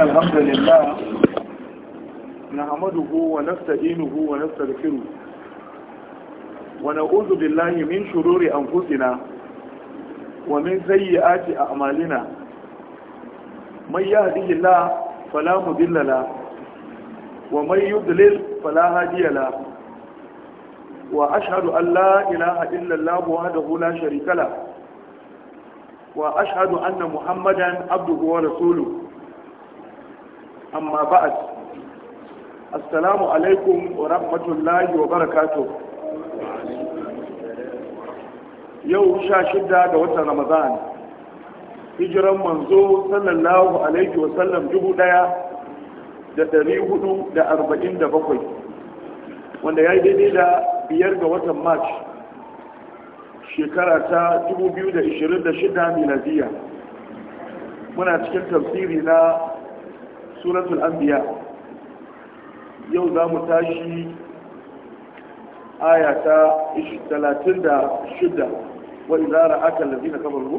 الحمد لله نحمده ونستدينه ونستغفره ونعوذ بالله من شرور أنفسنا ومن سيئات أعمالنا من يهدي الله فلا مضل له ومن يضلل فلا هادي له وأشهد أن لا إله إلا الله وحده لا شريك له وأشهد أن محمدا عبده ورسوله amma ba'ad assalamu alaikum wa rahmatullahi wa barakatuh yau sha shida ga watan ramadan hijiran manzo sallallahu alaihi wa sallam dubu daya da dari hudu da arba'in da bakwai wanda ya yi daidai da biyar ga watan march shekara ta 2026 miladiya muna cikin tafsiri na سوره الانبياء يوم ذا متاشي tashi aya ta 36 واذا راك الذين كفروا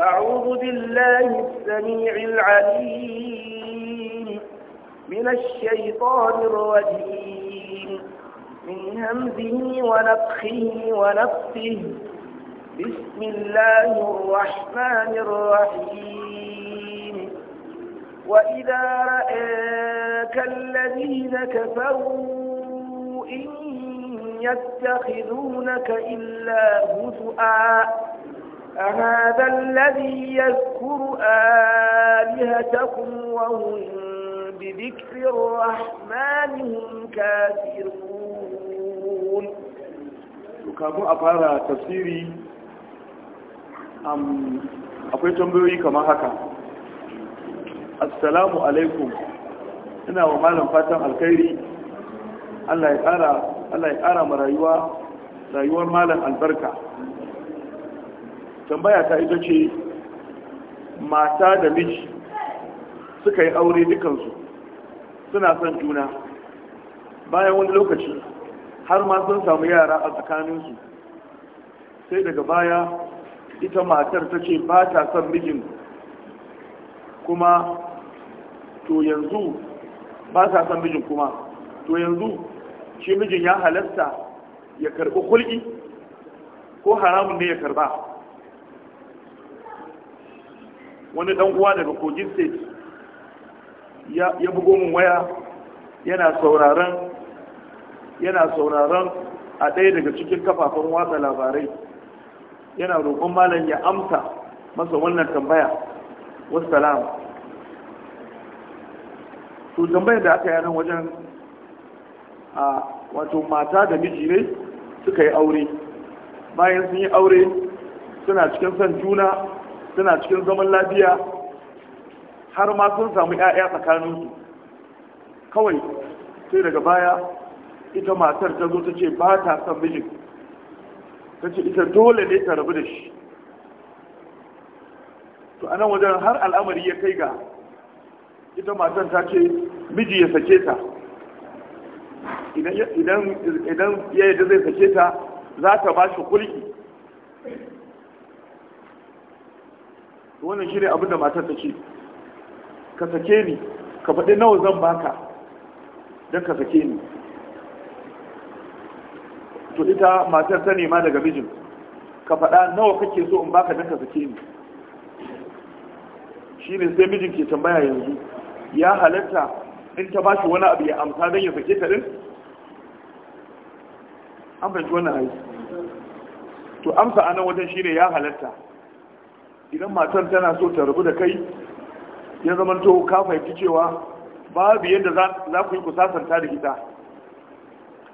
أعوذ بالله السميع العليم من الشيطان الرجيم من همزه ونفخه ونفخه بسم الله الرحمن الرحيم وإذا رآك الذين كفروا إن يتخذونك إلا هزؤا أهذا الذي يذكر آلهتكم وهم بذكر الرحمن هم كافرون kamun a تفسيري أم akwai تنبوي كما هكذا assalamu alaikum ina wa malam fatan alkhairi Allah ya ƙara Allah ya ƙara ma rayuwa rayuwar malam albarka tambaya ta ita ce mata da miji suka yi aure dukansu suna son juna bayan wani lokaci har ma sun samu yara a tsakaninsu sai daga baya ita matar ta ce ba ta son mijin kuma to yanzu ba sa san mijin kuma to yanzu shi mijin ya halasta ya karɓi kulki, ko haramun ne ya karɓa. wani ɗan uwa daga kogin state ya bugo min waya yana sauraron yana sauraron a ɗaya daga cikin kafafen watsa labarai yana roƙon malam ya amsa masa wannan tambaya wasu salama to tambayar da aka yi nan wajen a wato mata da miji ne suka yi aure bayan sun yi aure suna cikin son juna suna cikin zaman lafiya har ma sun samu 'ya'ya tsakaninsu kawai sai daga baya ita matar ta zo ta ce ba ta son mijin ta ce ita dole ne ta rabu da shi to anan wajen har al'amari ya kai ga ita matan ta ce miji ya sake ta idan ya yi zai sake ta za ta ba shi kulki wannan shi ne abinda matan ta ce ka sake ni ka faɗi nawa zan baka don ka sake ni to ita matar ta nema daga mijin ka faɗa nawa kake so in baka don ka sake ni shi ne sai mijin ke tambaya yanzu ya halatta in ta bashi wani abu ya amsa don ya fake ta din an fahimci wannan haiti to amsa a nan wajen shi ne ya halatta idan matar tana so ta rabu da kai ya zama to ka fahimci cewa babu yadda za ku yi ku sasanta da ita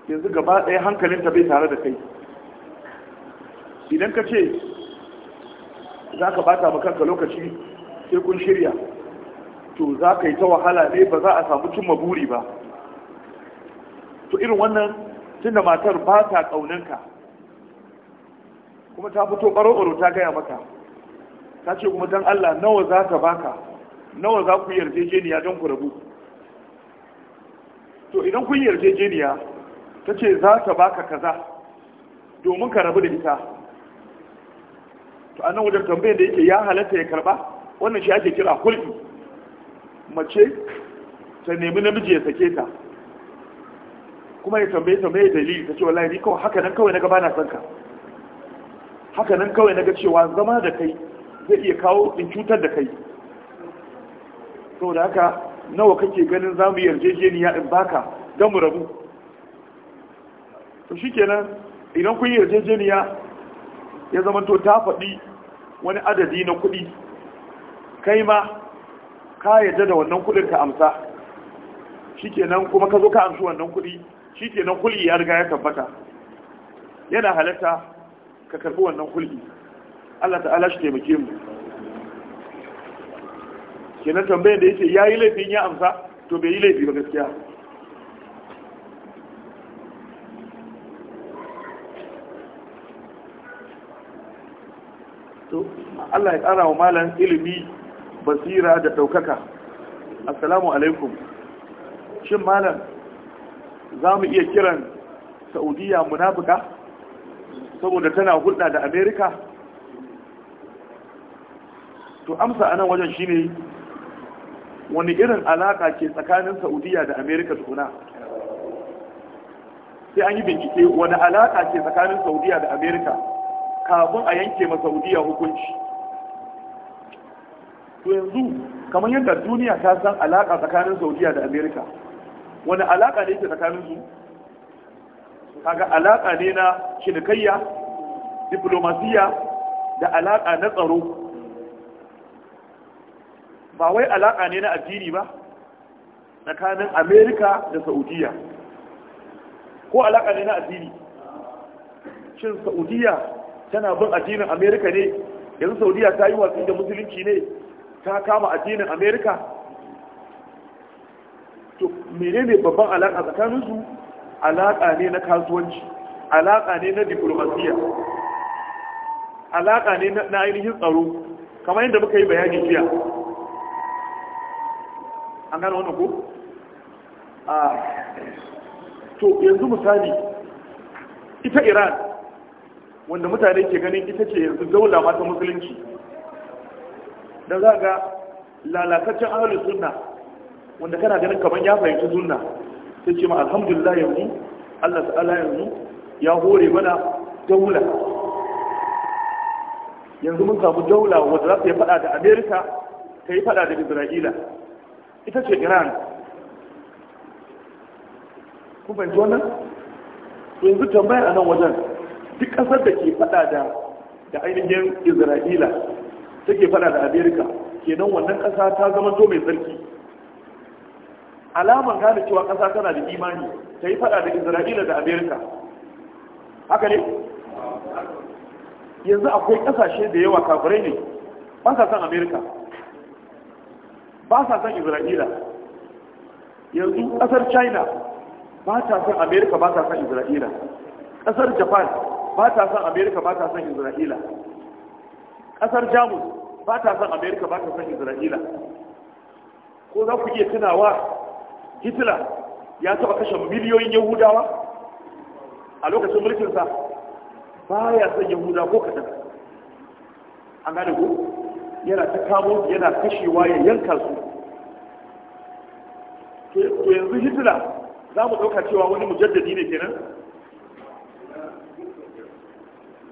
yanzu gaba ɗaya ta bai tare da kai idan ka ce za ka bata kanka lokaci sai kun shirya to za ka yi ta wahala ne ba za a samu cimma buri ba to irin wannan tunda matar ba ta ƙaunanka kuma ta fito ɓaro-ɓaro ta gaya maka ta ce kuma don Allah nawa za ka baka nawa za ku yarjejeniya don ku rabu to idan kun yarjejeniya ta ce za ta baka kaza domin ka rabu da ita to a nan wajen tambayar da yake ya halatta ya karba wannan shi ake kira hulɗi mace ta nemi namiji ya sake ta kuma ya tambaye tambaye dalili ta ce wallahi ni kawai haka nan kawai naga bana son ka haka nan kawai naga cewa zama da kai zai iya kawo in cutar da kai Sau da haka nawa kake ganin za mu yarjejeniya in baka don mu rabu to kenan idan kun yi yarjejeniya ya zama to ta faɗi wani adadi na kuɗi kai ma ka yadda da wannan kudin ka amsa nan kuma ka zo ka amsa wannan kudi nan kulli ya riga ya tabbata yana halatta ka karbi wannan kulli Allah ta'ala shi taimake mu kenan tambayar da yake yayi laifin ya amsa to bai yi laifi ba gaskiya to Allah ya ƙara wa malam ilimi basira da ɗaukaka assalamu alaikum shin malam za mu iya kiran saudiya munafuka saboda tana hulɗa da amerika to amsa a nan wajen shine wani irin alaƙa ke tsakanin saudiya da amerika tukuna sai an yi bincike wani alaƙa ke tsakanin saudiya da amerika kafin a yanke ma saudiya hukunci to yanzu kamar yadda duniya ta san alaka tsakanin saudiya da amerika wani alaka ne ke tsakanin su kaga alaka ne na cinikayya diplomasiya da alaka na tsaro ba wai alaka ne na addini ba tsakanin amerika da saudiya ko alaka ne na addini shin saudiya tana bin addinin amerika ne yanzu saudiya ta yi watsi da musulunci ne ta kama addinin amerika to menene babban alaƙa tsakaninsu alaƙa ne na kasuwanci alaƙa ne na diplomasiya alaƙa ne na ainihin tsaro kamar yadda muka yi bayani jiya an gano wannan ko? a to yanzu misali ita iran wanda mutane ke ganin ita ce yanzu daula mata musulunci don za ga lalataccen ahalin sunna wanda kana ganin kamar ya fahimci sunna sai ce ma alhamdulillah yanzu Allah ta'ala yanzu ya hore mana daula yanzu mun samu daula wanda za su yi fada da Amerika ta yi fada da Isra'ila ita ce Iran ku fahimci wannan yanzu tambaya a nan wajen duk ƙasar da ke fada da ainihin Isra'ila take fada da amerika kenan wannan kasa ta zama to mai tsarki alaman gane cewa kasa tana da imani ta yi fada da isra'ila da amerika haka ne yanzu akwai kasashe da yawa kafirai ne ba sa san amerika ba sa san isra'ila yanzu kasar china ba ta san amerika ba ta san isra'ila kasar japan ba ta san amerika ba ta san isra'ila kasar jamus ba ta san amerika ba ta san isra'ila ko za ku iya tunawa hitler ya taba kashe miliyoyin yahudawa a lokacin mulkinsa ba ya san yahuda ko kaɗan an gane ko yana ta kamo yana kashewa ya yanka su to yanzu hitler za mu ɗauka cewa wani mujaddadi ne kenan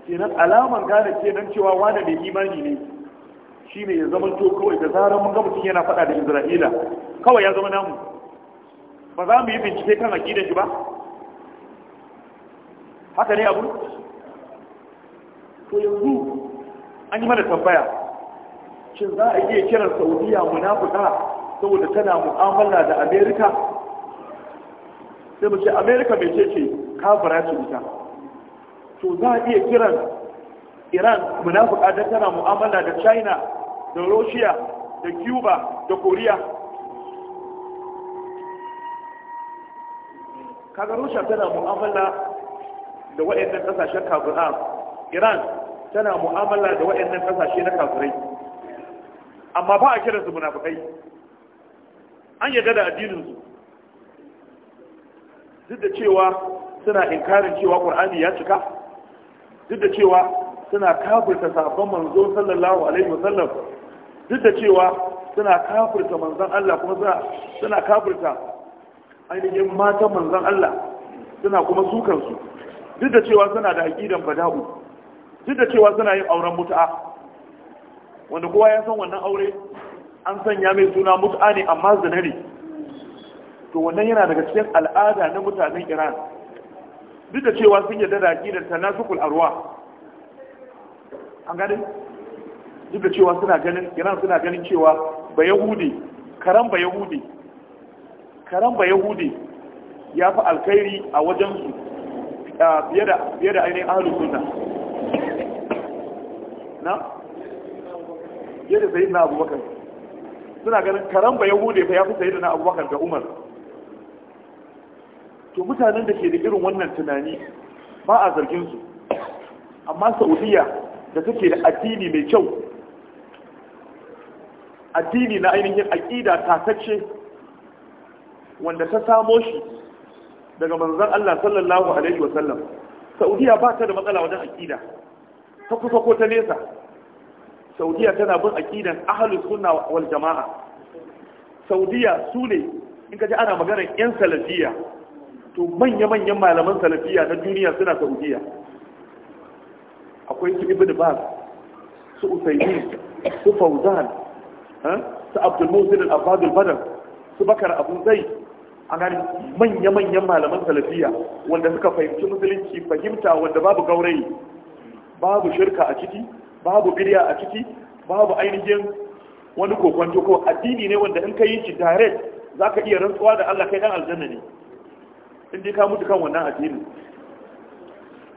kenan alamar gane kenan cewa wani mai imani ne shi ne ya zama to kawai da zarar mun ga mutum yana faɗa da isra'ila kawai ya zama namu ba za mu yi bincike kan aƙidar shi ba haka ne abu to yanzu an yi mana tambaya shin za a iya kiran saudiya munafuka saboda tana mu'amala da amerika sai mu ce amerika mai ce ce kafara ce ita to za a iya kiran iran munafuka don tana mu'amala da china da russia da cuba da korea kaga russia tana mu'amala da waɗannan ƙasashen kafiran iran tana mu'amala da waɗannan ƙasashe na kafirai amma ba a kiransu munafukai an yarda da addininsu duk da cewa suna inkarin cewa ƙur'ani ya cika duk da cewa suna kafirta sabon manzo sallallahu alaihi wasallam duk da cewa suna kafirta manzon Allah kuma suna suna kafirta ainihin matan manzon Allah suna kuma sukan su duk da cewa suna da aqidan bada'u duk da cewa suna yin auren mut'a wanda kowa ya san wannan aure an sanya mai suna mut'a ne amma zinari, to wannan yana daga cikin al'ada na mutanen Iran duk da cewa sun yadda da aqidar tanasukul arwa an gani duk da cewa suna ganin iran suna ganin cewa ba yahudi karan ba yahudi karan ba yahudi ya fi alkhairi a wajen su fiye da ainihin ahalu sunna na fiye da sayi na abubakar suna ganin karan ba yahudi ya fi sayi na abubakar da umar to mutanen da ke da irin wannan tunani ba a zargin su amma saudiya da take da addini mai kyau addini na ainihin aƙida tasacce wanda ta samo shi daga manzan Allah sallallahu alaihi wasallam saudiya ba ta da matsala wajen aƙida ta kusa ko ta nesa saudiya tana bin aƙidan ahalus sunna wal jama'a saudiya su ne in ka ji ana maganar 'yan salafiya to manya-manyan malaman salafiya na duniya suna saudiya akwai su ibn baz su usaini su fauzan su abdul musin al badar su bakar abu zai a gani manya-manyan malaman salafiya wanda suka fahimci musulunci fahimta wanda babu gaurayi babu shirka a ciki babu birya a ciki babu ainihin wani kokon ko addini ne wanda in ka yi shi direct za ka iya rantsuwa da allah kai dan aljanna ne in ji ka mutu kan wannan addinin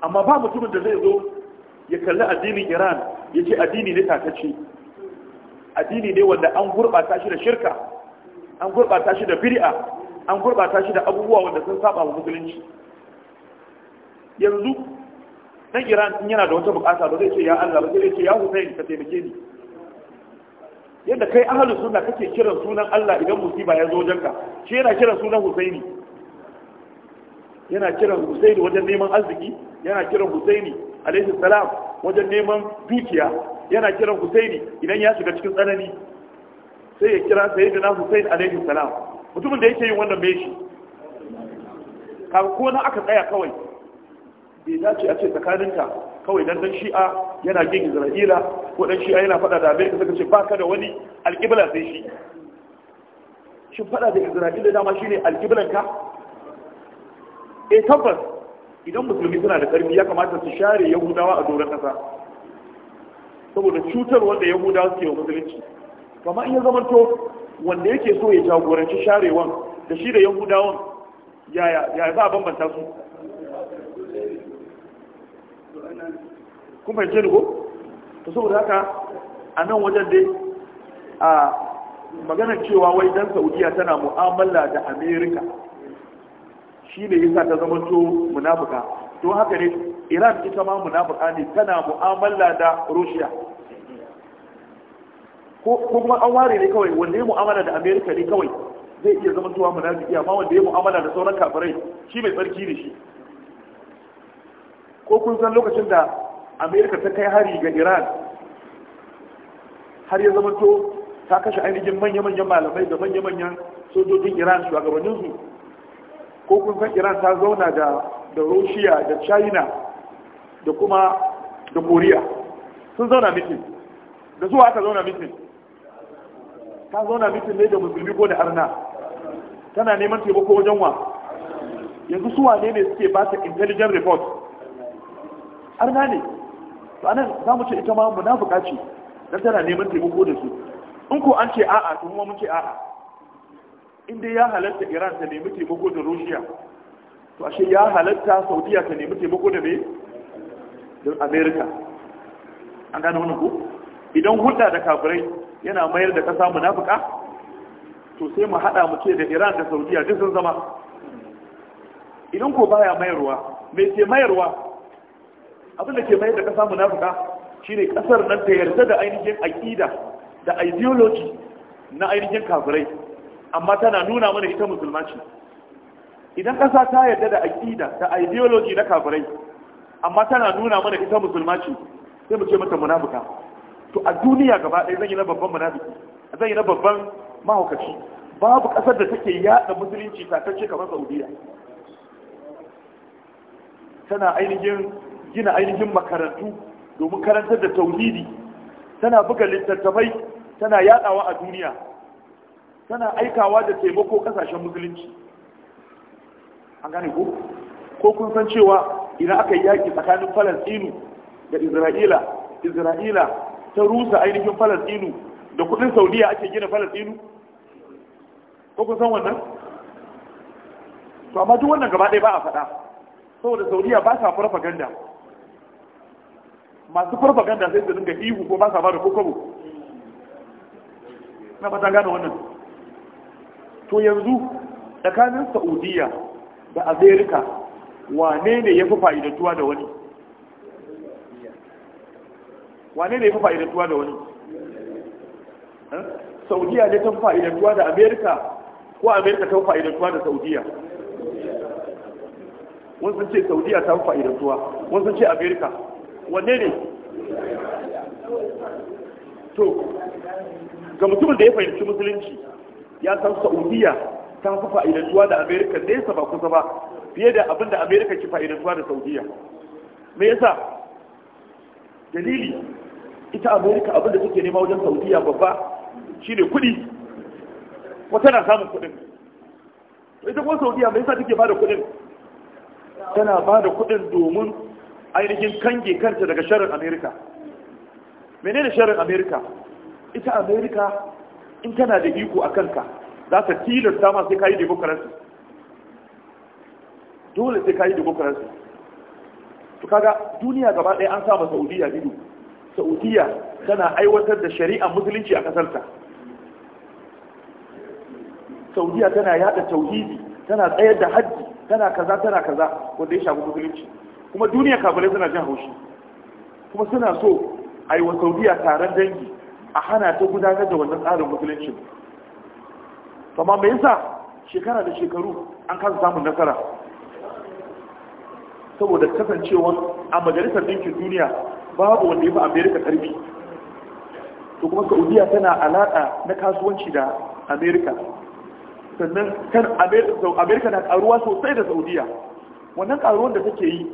amma ba mutumin da zai zo ya kalli addinin iran ya ce addini ne takacce addini ne wanda an gurɓata shi da shirka an gurɓata shi da biri'a, an gurɓata shi da abubuwa wanda sun saba wa musulunci yanzu ɗan iran in yana da wata bukata da zai ce ya allah ba zai ce ya hussein ka taimake ni yadda kai ahalin suna kake kiran sunan allah idan musiba ya zo wajenka shi yana kiran sunan husaini yana kiran husaini wajen neman arziki yana kiran husaini alaihi salam wajen neman dukiya yana kiran husaini idan ya shiga cikin tsanani sai ya kira sayyidina husain alaihi salam mutumin da yake yin wannan bai shi ko na aka tsaya kawai bai dace a ce tsakaninka kawai dan dan shi'a yana gin isra'ila ko dan shi'a yana fada da amerika suka ce baka da wani alƙibla sai shi shi fada da isra'ila dama shine alƙiblanka E tabbas idan musulmi suna da karfi ya kamata su share yahudawa a doron kasa saboda cutar wanda yahudawa suke wa musulunci kama iya zama to wanda yake so ya jagoranci sharewan da shi da yahudawan ya za a bambanta su Kuma yake ko to saboda haka a nan wajen dai a maganar cewa wai dan saudiya tana mu'amala da amerika shi ne yasa ta zama to munafuka to haka ne iran ita ma munafuka ne tana mu'amala da russia ko kuma an ware ne kawai wanda ya mu'amala da america ne kawai zai iya zama tuwa munafiki amma wanda ya mu'amala da sauran kafirai shi mai tsarki ne shi ko kun san lokacin da america ta kai hari ga iran har ya zama to ta kashe ainihin manya-manyan malamai da manya-manyan sojojin iran shugabanninsu ko kun san iran ta zauna da da russia da china da kuma da korea sun zauna mitin da zuwa aka zauna mitin ta zauna mitin ne da musulmi ko da arna tana neman taimako wajen wa yanzu suwa ne ne suke ba ta intelligent report arna ne to anan za mu ce ita ma munafuka ce dan tana neman taimako da su in ko an ce a'a to kuma mun ce a'a inda ya halatta iran ta nemi taimako da russia to ashe ya halatta saudiya ta nemi taimako da me da america an gane wani ku idan hulɗa da kafirai yana mayar da ƙasa munafuka to sai mu haɗa mu ce da iran da saudiya duk sun zama idan ko baya mayarwa mai ke mayarwa abin da ke mayar da ƙasa munafuka shine ƙasar nan ta yarda da ainihin aƙida da ideology na ainihin kafirai amma tana nuna mana ita musulma ce idan ƙasa ta yarda da aƙida da ideology na kafirai amma tana nuna mana ita musulma ce sai mu ce mata munafuka to a duniya gaba ɗaya zan yi na babban munafiki zan yi na babban mahaukaci babu ƙasar da take yaɗa musulunci tatacce kamar saudiya tana ainihin gina ainihin makarantu domin karantar da tauhidi tana buga littattafai tana yaɗawa a duniya tana aikawa da taimako kasashen musulunci an gane ko ko kun san cewa idan aka yi yaƙi tsakanin falastinu da isra'ila isra'ila ta rusa ainihin falastinu da kudin saudiya ake gina falastinu ko kun san wannan to amma duk wannan gaba ɗaya ba a faɗa saboda saudiya ba sa farfaganda masu farfaganda sai su dinga ihu ko ba sa ba da kokobo na ba ta gane wannan to yanzu tsakanin saudiya da amerika wane ne ya fi fa'idantuwa da wani wane ne ya fi fa'idantuwa da wani eh? saudiya ne ta fi fa'idantuwa da amerika ko amerika ta fi fa'idantuwa da saudiya sun ce saudiya ta fi fa'idantuwa sun ce amerika wanne ne to ga mutumin da ya fahimci musulunci ya san saudiya ta fi fa'idantuwa da amerika nesa ba kusa ba fiye da abin da amerika ke fa'idantuwa da saudiya me yasa dalili ita amerika abin da suke nema wajen saudiya babba shine kudi wata na samun kudin ita kuma saudiya me yasa take bada kudin tana bada kudin domin ainihin kange kanta daga sharar amerika menene sharar amerika ita amerika in tana da iko a kanka za ta tilasta ma sai ka yi demokarasi dole sai ka yi demokarasi to kaga duniya gaba ɗaya an sama saudiya ido saudiya tana aiwatar da shari'a musulunci a ƙasarta saudiya tana yada tauhidi tana tsayar da hajji tana kaza tana kaza wanda ya shafi musulunci kuma duniya kafirai suna jin haushi kuma suna so a yi wa saudiya taron dangi a hana ta gudanar da wannan tsarin musulunci amma me yasa shekara da shekaru an kasa samun nasara saboda kasancewa a majalisar dinkin duniya babu wanda ya fi amerika karfi. to kuma saudiya tana alaƙa na kasuwanci da amerika sannan kan amerika na ƙaruwa sosai da saudiya wannan karuwan da take yi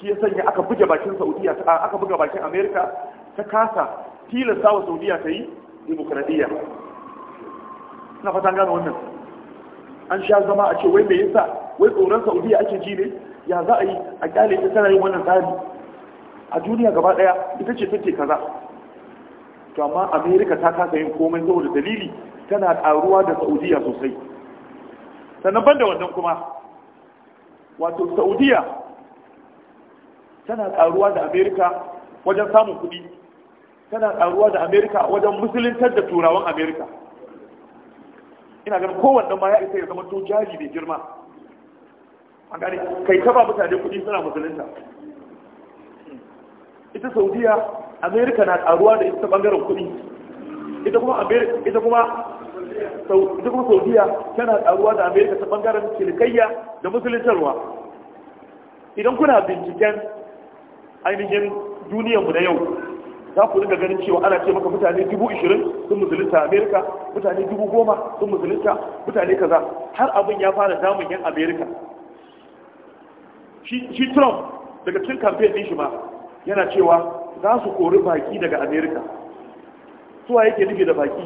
shi ya sanya aka buga bakin saudiya aka buga bakin amerika ta kasa tilasta wa saudiya ta yi demokradiyya na fatan gano wannan an sha zama a ce wai me yasa wai tsoron saudiya ake ji ne ya za a yi a kyale ta tana yin wannan tsari a duniya gaba daya ita ce take kaza to amma america ta kasa yin komai saboda dalili tana karuwa da saudiya sosai sannan banda wannan kuma wato saudiya tana karuwa da america wajen samun kuɗi tana karuwa da amerika wajen musuluntar da turawan amerika ina ganin kowanne ma ya isa ya zama to jari mai girma a gane kai kaba mutane kudi suna musulunta ita saudiya amerika na karuwa da ita bangaren kudi ita kuma ita kuma ita kuma saudiya tana karuwa da amerika ta bangaren cilikayya da musuluntarwa idan kuna binciken ainihin duniyanmu na yau za ku rika ganin cewa ana ce maka mutane dubu ishirin sun musulunta a amerika mutane dubu goma sun musulunta mutane kaza har abin ya fara damun yan amerika shi trump daga cikin kamfen din shi ma yana cewa za su kori baki daga amerika suwa yake nufi da baki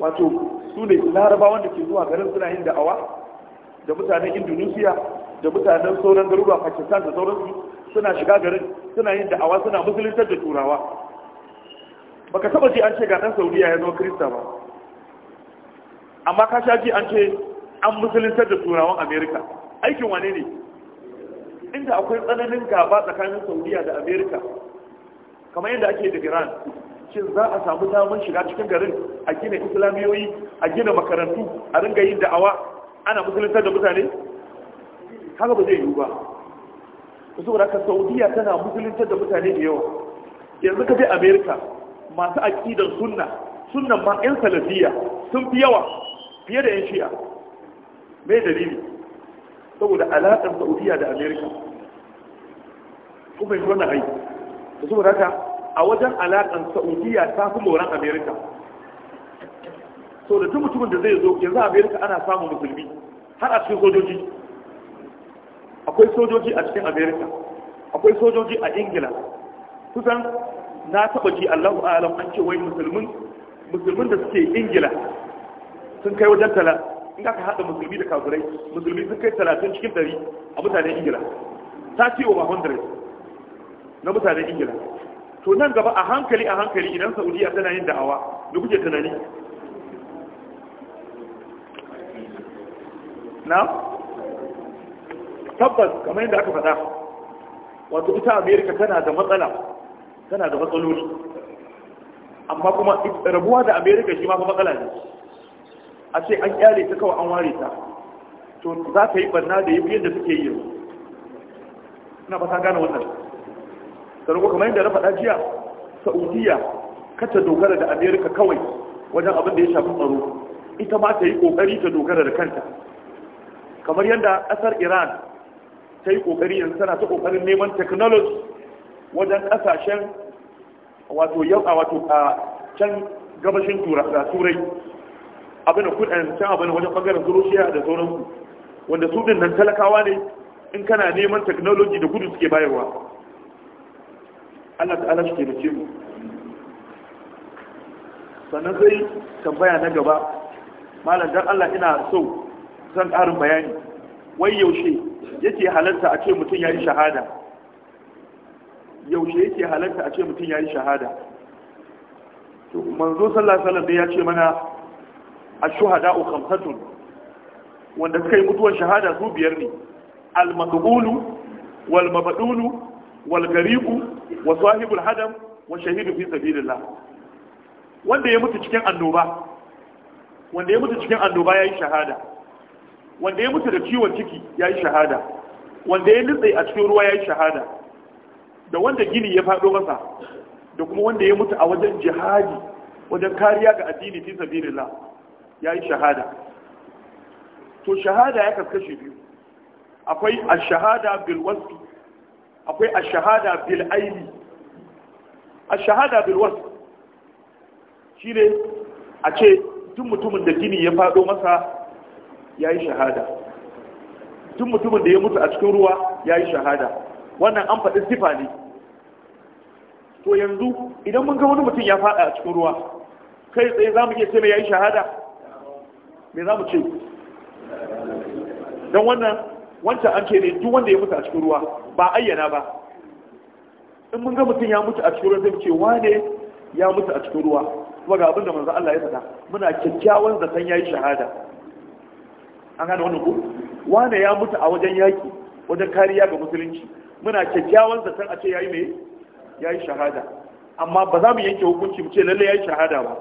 wato su ne laraba da ke zuwa garin suna yin da'awa da mutanen indonesia da mutanen sauran garuruwa pakistan da sauransu suna shiga garin suna yin da'awa suna musuluntar da turawa baka taba ji an ce ga dan saudiya ya zo krista ba amma ka sha ji an ce an musuluntar da turawan amerika aikin wane ne inda akwai tsananin gaba tsakanin saudiya da amerika kamar yadda ake da iran shin za a samu damar shiga cikin garin a gina islamiyoyi a gina makarantu a ringa yin da'awa ana musuluntar da mutane haka ba zai yiwu ba saboda ka saudiya tana musulunta da mutane da yawa yanzu ka je america masu aƙidar sunna sunnan ma 'yan salafiya sun fi yawa fiye da 'yan shi'a mai dalili saboda alaƙar saudiya da america kuma yi wannan aiki da saboda haka a wajen alaƙar saudiya ta fi moran america so da duk mutumin da zai zo yanzu america ana samun musulmi har a cikin sojoji akwai sojoji a cikin america akwai sojoji a ingila kusan na taba ji allahu alam an ce wai musulmin musulmin da suke ingila sun kai wajen tala in aka haɗa musulmi da kafirai musulmi sun kai talatin cikin ɗari a mutanen ingila ta ce wa 100 na mutanen ingila to nan gaba a hankali a hankali idan saudiya tana yin da'awa da kuke tunani na tabbas kamar yadda aka faɗa wato ita amerika tana da matsala tana da matsaloli amma kuma rabuwa da amerika shi ma fa matsala ne a ce an kyale ta kawai an ware ta to za ka yi barna da fiye yadda suke yi ina fata gane wannan sarko kamar yadda na faɗa jiya saudiya kata dogara da amerika kawai wajen abin da ya shafi tsaro ita ma ta yi ƙoƙari ta dogara da kanta kamar yadda ƙasar iran ta yi kokari yanzu tana ta kokarin neman technology wajen kasashen wato yau a wato a can gabashin turai abin da kudin eh, can abin wajen bangaren russia da sauransu wanda su din nan talakawa ne in kana neman technology da gudu suke bayarwa Allah ta'ala shi ke da ce mu sannan sai tambaya na gaba malam dan Allah ina so zan ƙarin bayani wai yaushe yake halarta a ce mutum ya yi shahada yaushe yake halarta a ce mutum ya yi shahada to manzo sallallahu alaihi ya ce mana ash-shuhada'u khamsatun wanda suka yi mutuwar shahada su biyar ne al-maqbulu wal mabdulu wal gariqu wa sahibul hadam wa shahidu fi sabilillah wanda ya mutu cikin annoba wanda ya mutu cikin annoba ya yi shahada wanda ya mutu da ciwon ciki ya yi shahada wanda ya nutse a cikin ruwa ya yi shahada da wanda gini ya faɗo masa da kuma wanda ya mutu a wajen jihadi wajen kariya ga addini fi sabilillah ya yi shahada to shahada ya kaskashe biyu akwai a bil wasfi akwai shahada bil aini shahada bil shi shine a ce duk mutumin da gini ya faɗo masa ya yi shahada tun mutumin da ya mutu a cikin ruwa ya yi shahada wannan an faɗi sifa ne to yanzu idan mun ga wani mutum ya faɗa a cikin ruwa kai tsaye za mu iya ce mai ya yi shahada me za mu ce don wannan wancan an ce ne duk wanda ya mutu a cikin ruwa ba ayyana ba in mun ga mutum ya mutu a cikin ruwa zai ce wane ya mutu a cikin ruwa kuma ga abin da manzo Allah ya faɗa muna kyakkyawan zaton ya yi shahada an gane wannan ko wane ya mutu a wajen yaki wajen kariya ga musulunci muna kyakkyawan zaton a ce yayi me yayi shahada amma ba za mu yanke hukunci mu ce lalle yayi shahada ba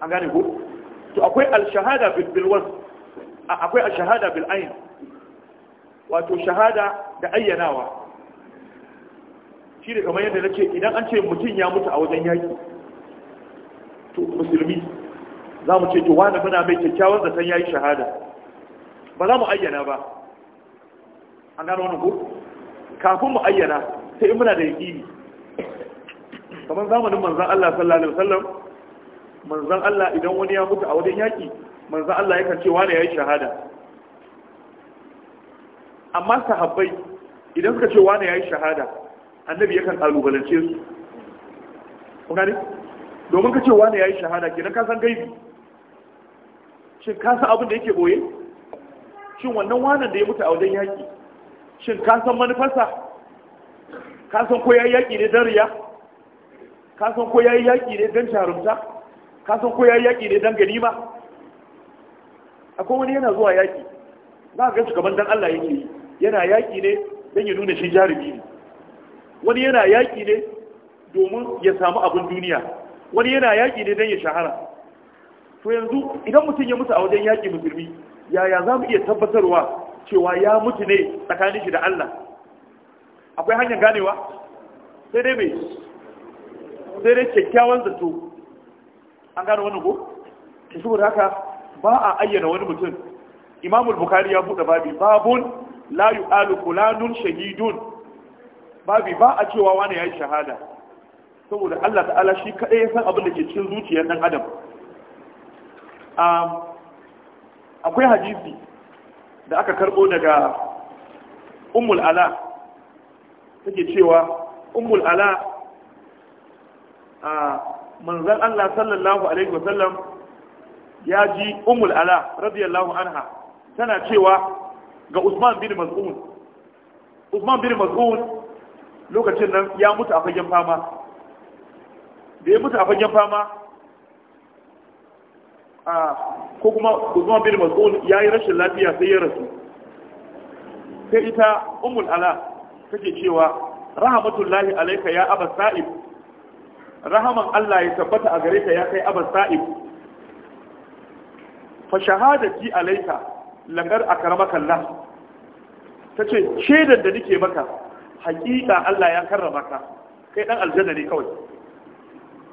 an gane ko to akwai al-shahada bil bilwas akwai al-shahada bil ayn wato shahada da ayyanawa shi da kamar yadda na ce idan an ce mutum ya mutu a wajen yaki to musulmi za mu ce to wani muna mai kyakkyawan zaton yayi shahada ba za mu ayyana ba an gano wani ko kafin mu ayyana sai in muna da yaƙini kamar zamanin manzan Allah sallallahu alaihi wasallam manzan Allah idan wani ya mutu a wajen yaƙi manzan Allah yakan ce wani yayi shahada amma sahabbai idan suka ce wani yayi shahada annabi yakan kalubalance su kun gane domin ka ce wani yayi shahada kenan ka san gaibi shin ka san abin da yake boye shin wannan wanan da ya mutu a wajen yaƙi shin ka san manufarsa ka san ko ya yi yaƙi ne don riya ka san ko ya yi yaƙi ne don sharumta ka san ko ya yi yaƙi ne don ganima akwai wani yana zuwa yaƙi za a gansu gaban dan Allah yake yi yana yaƙi ne don ya nuna shi jarumi ne wani yana yaƙi ne domin ya samu abin duniya wani yana yaƙi ne don ya shahara to yanzu idan mutum ya mutu a wajen yaƙi musulmi yaya za mu iya tabbatarwa cewa ya mutu ne tsakanin shi da Allah akwai hanyar ganewa sai dai mai sai dai kyakkyawan zato an gane wannan ko ta saboda haka ba a ayyana wani mutum imamul bukari ya buɗe babi babun layu alukulanun shahidun babi ba a cewa wani yi shahada saboda Allah ta'ala shi kaɗai ya san abin da ke cikin zuciyar ɗan adam akwai hadisi da aka karbo daga ummul ala take cewa ummul ala a Allah sallallahu alaihi wasallam ya ji ummul ala radiyallahu anha tana cewa ga Usman bin Mas'ud Usman bin Mas'ud lokacin nan ya mutu a fagen fama da ya mutu a fagen fama ko kuma Usman bin ya yayi rashin lafiya sai ya rasu sai ita Ummul Ala take cewa rahmatullahi alayka ya Aba Sa'ib rahaman Allah ya tabbata a gare ka ya kai Aba Sa'ib fa shahadati alayka lakar akramaka Allah tace shedar da nake maka hakika Allah ya karrama ka kai dan aljanna ne kawai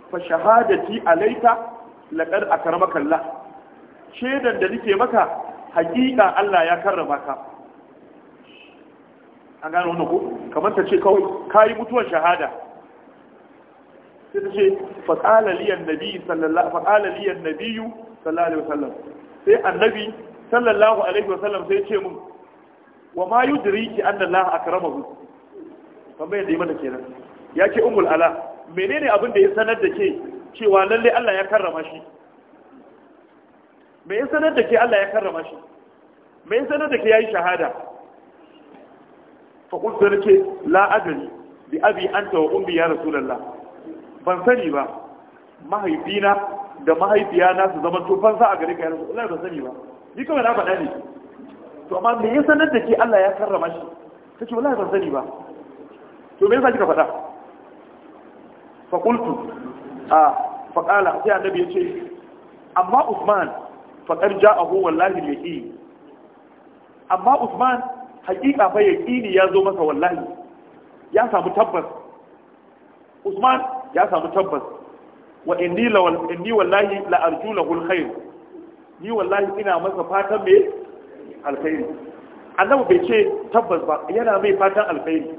fa shahadati alayka lakar akramaka Allah shaidan da nike maka hakika Allah ya karrama ka an gano wani ko kamar ta ce kawai yi mutuwar shahada sai ta ce faqala li annabi sallallahu faqala li annabi sallallahu alaihi wasallam sai annabi sallallahu alaihi wasallam sai ce mun wa ma yudriki anna Allah akramahu kamar yadda yi mata kenan ya ce umul ala menene abin da ya sanar da ke cewa lalle Allah ya karrama shi me ya sanar da ke Allah ya karrama shi me ya sanar da ke yayi shahada fa qultu lake la adri bi abi anta wa ummi ya rasulullah ban sani ba mahaifina da mahaifiyana su zama tufan sa a gare ka ya rasulullah ban sani ba ni kawai na faɗa ne to amma me ya sanar da ke Allah ya karrama shi kace wallahi ban sani ba to me yasa kika faɗa fa qultu a ah, fa qala sai annabi yace amma usman faƙar ja'ahu wallahi mai yaƙi amma usman haƙiƙa fa yaƙini ya zo masa wallahi ya samu tabbas usman ya samu tabbas wa inni la wallahi la arju lahu ni wallahi ina masa fatan mai alkhairi annabi bai ce tabbas ba yana mai fatan alkhairi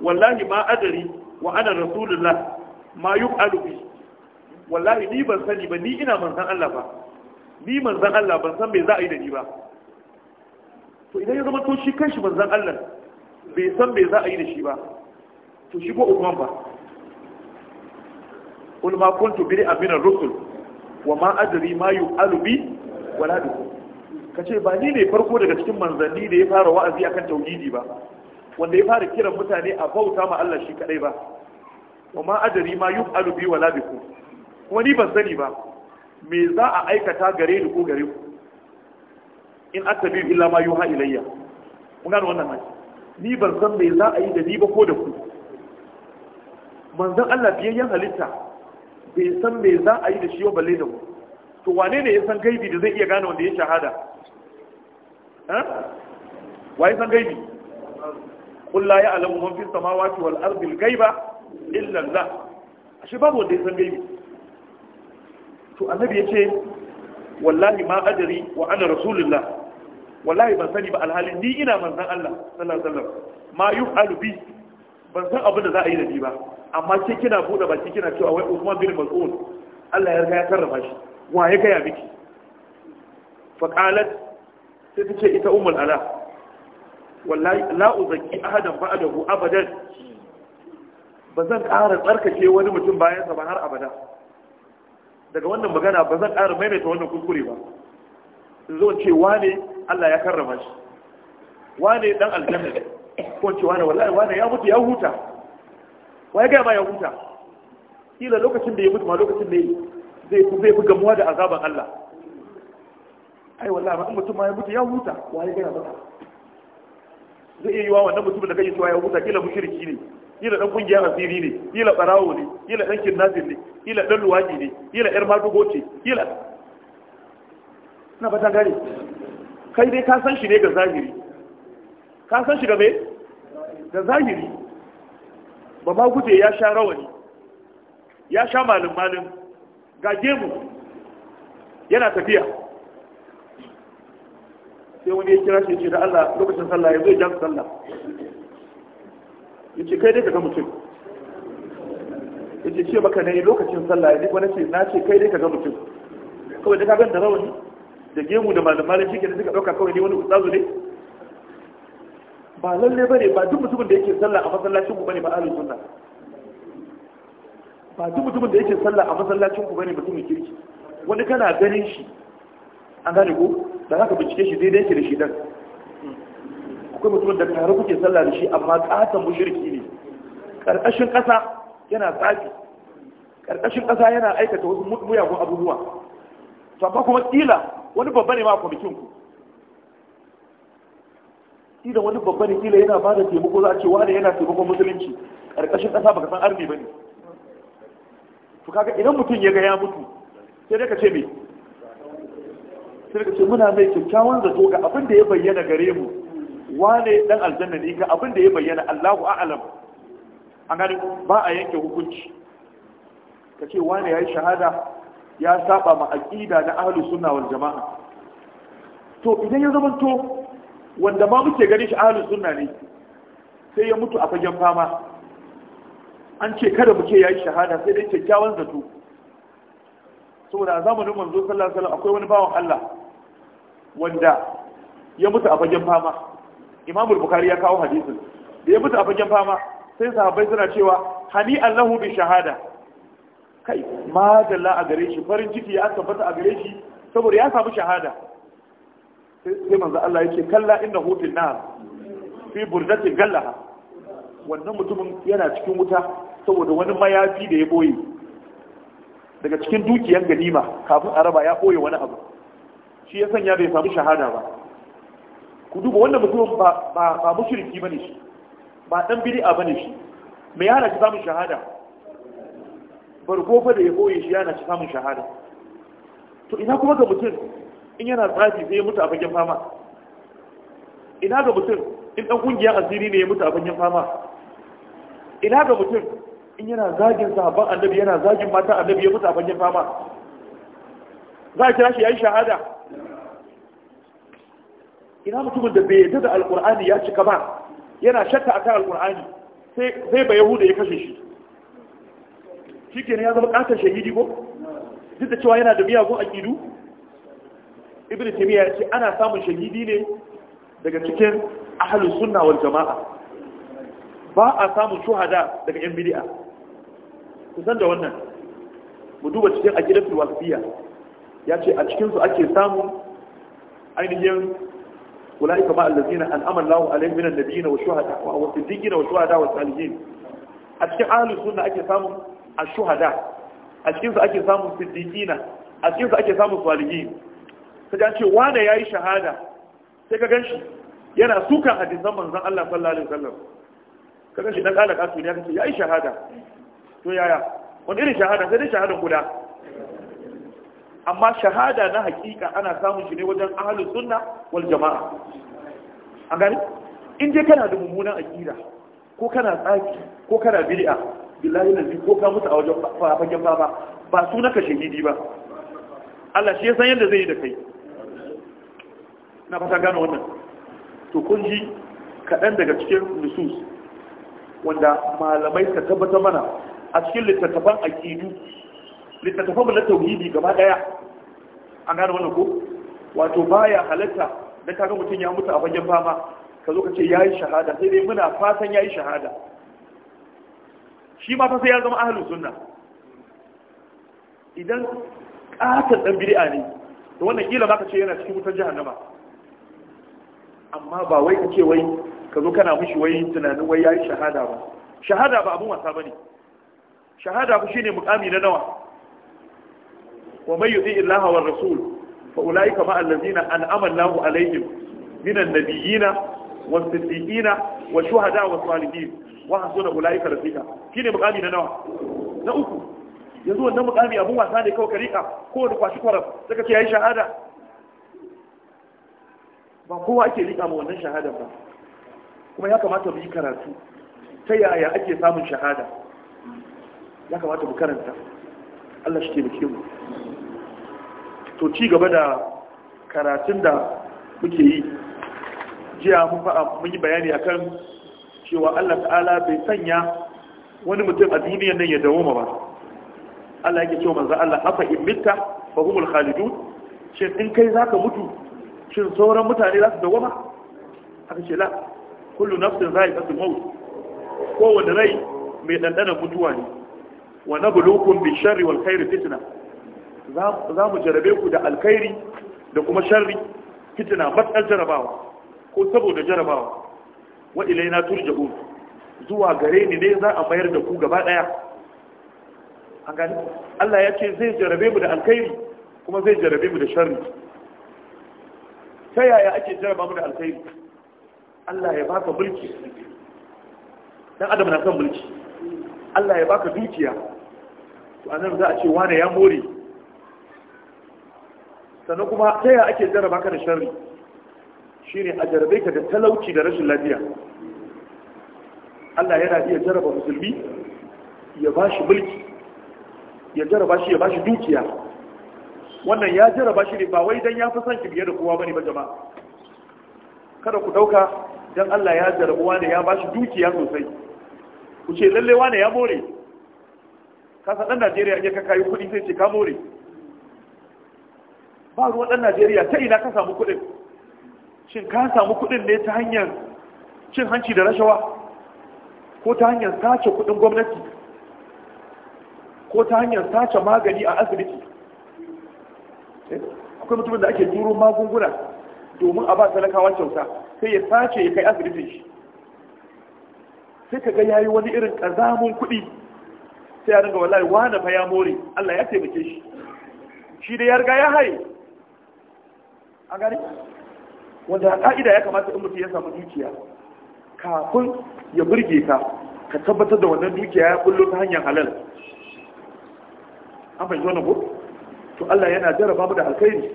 wallahi ma adari wa ana rasulullah ma yuqalu bi wallahi ni ban sani ba ni ina manzon Allah ba ni manzan Allah ban san me za a yi da ni ba to idan ya zama to shi kanshi manzan Allah bai san me za a yi da shi ba to shi ko Uthman ba qul ma kuntu bi min ar-rusul wa ma adri ma yu'alu bi wala bi kace ba ni ne farko daga cikin manzanni da ya fara wa'azi akan tauhidi ba wanda ya fara kiran mutane a bauta ma Allah shi kadai ba wa ma adri ma yu'alu bi wala bi kuma ni ban sani ba me za a aikata gare ni ko gare ku in attabi illa ma yuha ilayya kun gano wannan mai ni ban san me za a yi da ni ba ko da ku manzon Allah biyayyen halitta bai san me za a yi da shi ba balle da mu to wane ne ya san gaibi da zai iya gane wanda ya shahada wa ya san gaibi qul la ya'lamu man fis samawati wal ardi al ghaiba illa Allah shi babu wanda ya san gaibi to annabi ya ce wallahi ma adari wa ana rasulullah wallahi ban sani ba alhali. ni ina manzan Allah sallallahu alaihi wasallam ma yuf'alu bi ban san abin da za a yi da ni ba amma ke kina bude baki kina cewa wai Usman bin Mas'ud Allah ya riga ya karrama shi wa ya gaya miki fa qalat sai ta ce ita ummul ala wallahi la uzaki ahadan ba'dahu abadan ba zan ƙara tsarkake wani mutum bayansa ba har abada daga wannan magana ba zan ƙara maimaita wannan kuskure ba zo ce wane Allah ya karrama shi wane dan aljanna ko ce wane wallahi wane ya mutu ya huta ya ga ma ya huta kila lokacin da ya mutu ma lokacin da zai ku zai fi gamuwa da azaban Allah ai wallahi ba mutum ma ya mutu ya huta waye ga ba zai iya yi wa wannan mutum da kai cewa ya huta kila mushriki ne kila dan kungiyar asiri ne kila barawo ne kila dan kidnapping ne kila dan luwaji ne kila yar madugo ce kila na bata gare kai dai ka san shi ne ga zahiri ka san shi ga me ga zahiri ba ma gute ya sha rawani ya sha malin malin ga gemu yana tafiya sai wani ya kira shi ce da Allah lokacin sallah ya zo ya sallah yace kai dai ka ga mutum yace ce maka ne lokacin sallah ya duk wani ce na ce kai dai ka ga mutum kawai da ka da rawani da gemu da malamalin shi ke da suka dauka kawai ne wani ustazu ne ba lalle bane ba duk mutumin da yake sallah a masallacin ku bane ba alu sunna ba duk mutumin da yake sallah a masallacin ku bane mutumin kirki wani kana ganin shi an gane ko da haka bincike shi daidai yake da shi dan akwai mutumin da tare kuke sallah da shi amma katon mushriki ne karkashin kasa yana tsafi karkashin kasa yana aikata wasu muyagun abubuwa to amma kuma kila wani babba ne ma a kwamitin ku kila wani babba ne kila yana bada taimako za a ce wani yana taimakon musulunci karkashin kasa baka san arni bane to kaga idan mutum ya ga ya mutu sai dai ka ce me sai ka ce muna mai kyakkyawan zato ga abin da ya bayyana gare mu wane dan aljanna ne ga abin da ya bayyana Allahu a'lam an gani ba a yanke hukunci ka ce wane yayi shahada ya saba ma aqida na ahli sunna wal jama'a to idan ya zama to wanda ma muke gani shi ahli sunna ne sai ya mutu a fagen fama an ce kada muke yayi shahada sai dai kyakkyawan zato saboda a zamanin manzo sallallahu alaihi wasallam akwai wani bawan Allah wanda ya mutu a fagen fama imam bukhari ya kawo hadisin da ya mutu a fagen fama sai sahabbai suna cewa hani allahu bi shahada kai madalla a gare shi farin ciki ya tabbata a gare shi saboda ya samu shahada sai manzo Allah yake kalla inna na, na fi burdati gallaha wannan mutumin yana cikin wuta saboda wani mayafi da ya boye daga cikin dukiyar ganima kafin a raba ya boye wani abu shi ya sanya bai samu shahada ba ku duba wannan mutum ba ba ba ne shi ba dan ba bane shi mai yana ci samun shahada Bar fa da ya koyi shi yana ci samun shahada to ina kuma ga mutum in yana tsafi sai ya mutu a fagen fama ina ga mutum in dan ƙungiya asiri ne ya mutu a fagen fama ina ga mutum in yana zagin sahabban annabi yana zagin mata annabi ya mutu a fagen fama za a kira shi ya yi shahada ina mutumin da bai yadda da alkur'ani ya cika ba yana shakka akan alkur'ani sai ba yahuda ya kashe shi shi ke ya zama ƙasar shahidi ko duk da cewa yana da miyagun aƙidu ibn taymiya ya ce ana samun shahidi ne daga cikin ahlus sunna wal jama'a ba a samun shuhada daga yan bid'a ku san da wannan mu duba cikin aqidatul wasfiya ya ce a cikin su ake samun ainihin أولئك مع الذين أنعم الله عليهم من النبيين والشهداء والصديقين والشهداء والصالحين أشكي أهل السنة أكي سامو الشهداء أشكي أكي سامو الصديقين أشكي أكي سامو الصالحين فجأة وانا ياي شهادة سيكاكنشي yana suka hadisan manzon Allah sallallahu alaihi wasallam kaga shi dan kala kasu ne kace yayi shahada to yaya wani irin shahada sai dai shahadan guda amma shahada na hakika ana samun shi ne wajen ahalin sunna wal jama'a an gani in je kana da mummunan akida ko kana tsaki ko kana bid'a billahi lazi ko ka mutu a wajen fagen baba ba su naka shahidi ba Allah shi ya san yadda zai yi da kai na fata gano wannan to kun ji kaɗan daga cikin nusus wanda malamai ka tabbatar mana a cikin littattafan akidu. littattafan na tauhidi gaba daya a gane wannan ko wato baya halatta dan kaga mutum ya mutu a fagen fama ka zo ka ce yayi shahada sai dai muna fatan ya yi shahada shi ma fa sai ya zama ahlus sunna idan katon ɗan bid'a ne da wannan kila ma ka ce yana cikin wutar jahannama amma ba wai ka ce wai ka zo kana mishi wai tunanin wai ya yi shahada ba shahada ba abin wasa ba ne. shahada ku shine mukami na nawa wa man yuti illaha rasul fa ulaika ma allazina an'ama Allahu alaihim minan nabiyina was siddiqina wa shuhada was salihin wa hasuna mukami na nawa na uku yanzu wannan mukami abun wasa ne kawai karika ko da kwashi kwarar saka ce yayi shahada ba kowa ake rika ma wannan shahada ba kuma ya kamata mu yi karatu ta yaya ake samun shahada ya kamata mu karanta Allah shi ke mu to ci gaba da karatun da muke yi jiya mun yi bayani akan cewa Allah ta'ala bai sanya wani mutum a duniyar nan ya dawoma ba Allah yake cewa manzo Allah afa in mitta fa humul khalidun shin in kai zaka mutu shin sauran mutane za su dawoma aka ce la kullu nafsin za'iqatul Ko kowanne rai mai dandanan mutuwa ne wa nabluukum bi sharri wal khairi fitna za mu jarabe ku da alkhairi da kuma sharri fitina matsar jarabawa ko saboda jarabawa wa ilaina turja'un zuwa gare ni ne za a mayar da ku gaba daya an gani Allah ya ce zai jarabe mu da alkhairi kuma zai jarabe mu da sharri ta yaya ake jaraba mu da alkhairi Allah ya baka mulki dan adam na son mulki Allah ya baka dukiya to anan za a ce wane ya more sannan kuma ta yaya ake jaraba ka da Shi ne a jarrabe ka da talauci da rashin lafiya Allah yana iya jaraba musulmi ya ba shi mulki ya jaraba shi ya ba shi dukiya wannan ya jaraba shi ne ba wai don ya fi son ki biyar da kowa bane ba jama'a kada ku dauka don Allah ya jarabuwa ne ya ba shi dukiya sosai ku ce lalle ne ya more kasa ɗan Najeriya ya ka kayi kuɗi sai ce ka more ba ruwan ɗan najeriya ta ina ka samu kuɗin shin ka samu kuɗin ne ta hanyar cin hanci da rashawa ko ta hanyar sace kuɗin gwamnati ko ta hanyar sace magani a asibiti eh, akwai mutumin da ake turo magunguna domin a ba talakawa kyauta sai ya sace ya kai asibitin shi sai ka ga yayi wani irin ƙazamun kuɗi sai ya ringa wallahi wani fa ya more Allah ya taimake shi shi da yarga ya haye a gari wanda ka'ida ya kamata in mutum ya samu dukiya kafin ya burge ka ka tabbatar da wannan dukiya ya kullo ta hanyar halal an fahimci wannan to Allah yana jaraba mu da alkhairi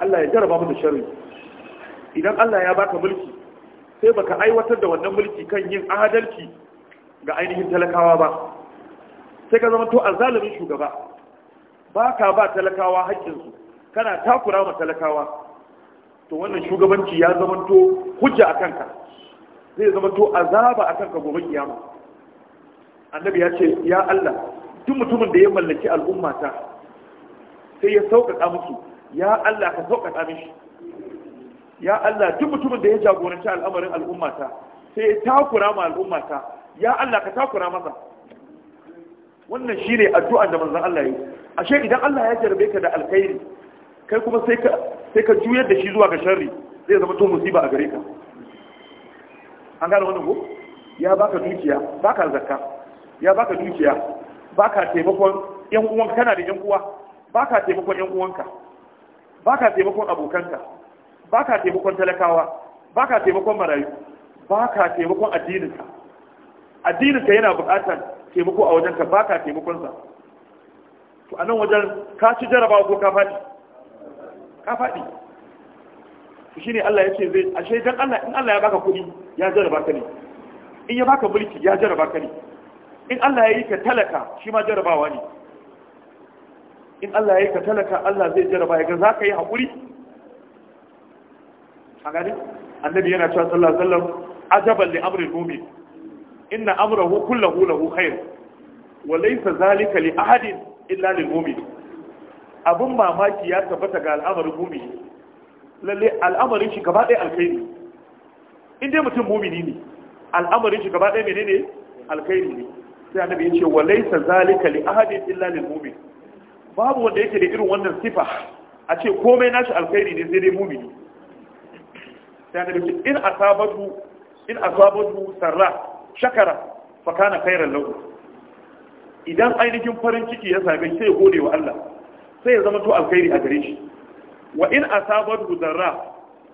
Allah ya jaraba mu da sharri idan Allah ya baka mulki sai baka aiwatar da wannan mulki kan yin adalci ga ainihin talakawa ba sai ka zama to azalimin shugaba baka ba talakawa haƙƙinsu kana takura ma talakawa to wannan shugabanci ya zamanto hujja a kanka zai zamanto azaba a kanka gobe kiyama annabi ya ce ya Allah duk mutumin da ya mallaki al'ummata sai ya sauƙaƙa musu ya Allah ka sauƙaƙa mishi ya Allah duk mutumin da ya jagoranci al'amarin al'ummata sai ya takura ma al'ummata ya Allah ka takura masa wannan shine addu'a da manzon Allah yi ashe idan Allah ya jarbe ka da alkhairi kai kuma sai ka juyar da shi zuwa ga shari zai zama to musiba a gare ka an gane wannan ko ya baka dukiya baka zakka ya baka dukiya baka taimakon yan uwan kana da yan uwa baka taimakon yan uwanka baka taimakon abokanka baka taimakon talakawa baka taimakon marayu baka taimakon addininka addininka yana buƙatar taimako a wajenka baka taimakon sa to anan wajen ka ci jarabawa ko ka faɗi ka faɗi shi ne Allah ya ce zai ashe dan Allah in Allah ya baka kuɗi ya jarraba ka ne in ya baka mulki ya jarraba ka ne in Allah ya yi ka talaka shi ma jarabawa ne in Allah ya yi ka talaka Allah zai jaraba ya ga za ka yi haƙuri a gani annabi yana cewa sallallahu alaihi wasallam ajaban li amril mu'min inna amrahu kullahu lahu khair wa laysa zalika li ahadin illa lil mu'min abin mamaki ya tabbata ga al'amarin mumini lalle al'amarin shi gaba ɗaya alkhairi in mutum mumini ne al'amarin shi gaba ɗaya menene alkhairi ne sai annabi ya ce wa laysa zalika li ahadin illa lil mu'min babu wanda yake da irin wannan sifa a ce komai nashi alkhairi ne sai dai mumini sai annabi ce in asabatu in asabatu sarra shakara fa kana khairan lahu idan ainihin farin ciki ya same sai gode wa Allah sai ya zama to alkhairi a gare shi wa in asabahu darra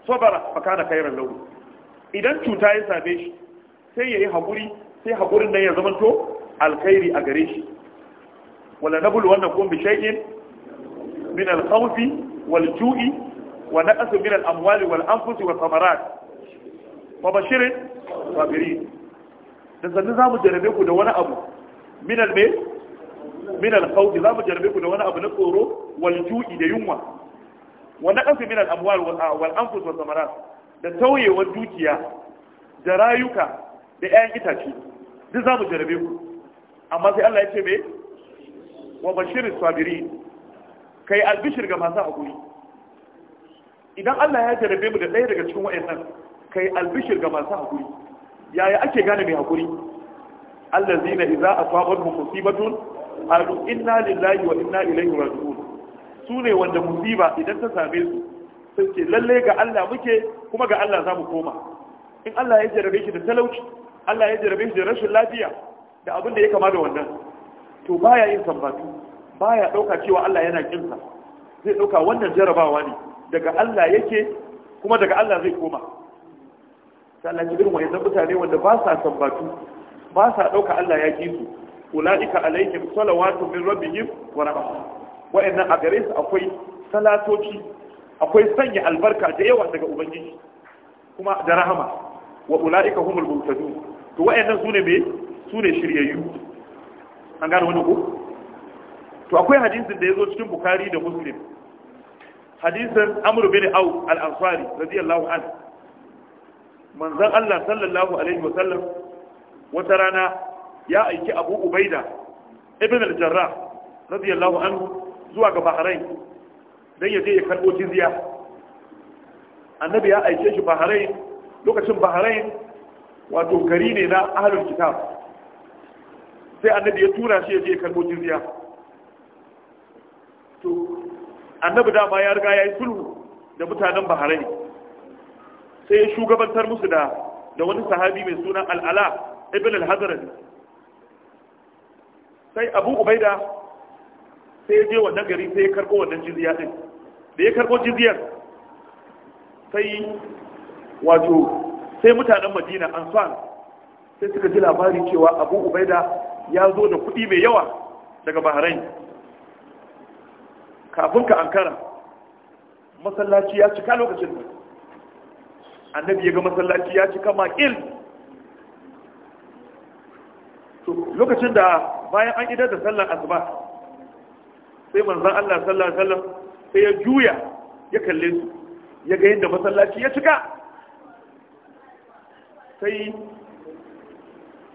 sabara fa kana khairan lahu idan cuta ya same shi sai yayi hakuri sai hakurin nan ya zama to alkhairi a gare shi wala nabulu wannan kun bi shay'in min al-khawfi wal-ju'i wa naqas min al-amwali wal-anfusi wath-thamarat fa bashirin sabirin da sannan zamu jarabe ku da wani abu min al-bayt min al-khawf za mu jarbe ku da wani abu na tsoro wal ju'i da yunwa wa naqas min al-amwal ah, wal anfus wa thamarat da tauyewar dukiya da rayuka da ƴaƴan itace duk za mu jarbe ku amma sai Allah ya ce me wa bashirin sabiri kai albishir ga masu haƙuri idan Allah ya jarabe mu da ɗaya daga cikin wa'annan kai albishir ga masu haƙuri yaya ake gane mai haƙuri Allah zina iza a sabon mu musibatun alu inna lillahi wa inna ilaihi raji'un su ne wanda musiba idan ta same su sai ce lalle ga Allah muke kuma ga Allah za mu koma in Allah ya jarabe shi da talauci Allah ya jarabe shi da rashin lafiya da abin da ya kama da wannan to baya yin sambatu baya dauka cewa Allah yana kinsa zai dauka wannan jarabawa ne daga Allah yake kuma daga Allah zai koma sai Allah ya irin zabuta mutane wanda ba sa sambatu ba sa dauka Allah ya ki su ulaika alaihim salawatu min rabbihim wa rahmah wa a gare su akwai salatoci akwai sanya albarka da yawa daga ubangiji kuma da rahama wa ulaika humul muhtadun to wa'annan sune me sune shiryayyu an gane wani ko to akwai hadisin da ya zo cikin bukhari da muslim hadisin amr bin au al-ansari radiyallahu anhu manzon Allah sallallahu alaihi wa sallam wata rana ya aiki abu ubaida ibn al-jarrah radiyallahu anhu zuwa ga bahrain dan ya je ya karbo jizya annabi ya aike shi bahrain lokacin bahrain wato gari ne na ahlul kitab sai annabi ya tura shi ya je ya karbo jizya to annabi dama ya riga ya yi sulhu da mutanen bahrain sai ya shugabantar musu da da wani sahabi mai suna al'ala ibn al-hadrami sai abu ubaida sai ya je wannan gari sai ya karɓo wannan jizya din da ya karɓo jizyar sai wato sai mutanen madina ansar sai suka ji labari cewa abu ubaida ya zo da kuɗi mai yawa daga bahrain kafin ka ankara masallaci ya cika lokacin nan annabi ya ga masallaci ya cika makil lokacin da bayan an idar da sallar asuba sai manzan Allah sallar sallar. sai ya juya ya kalle su ya ga yadda masallaci ya cika sai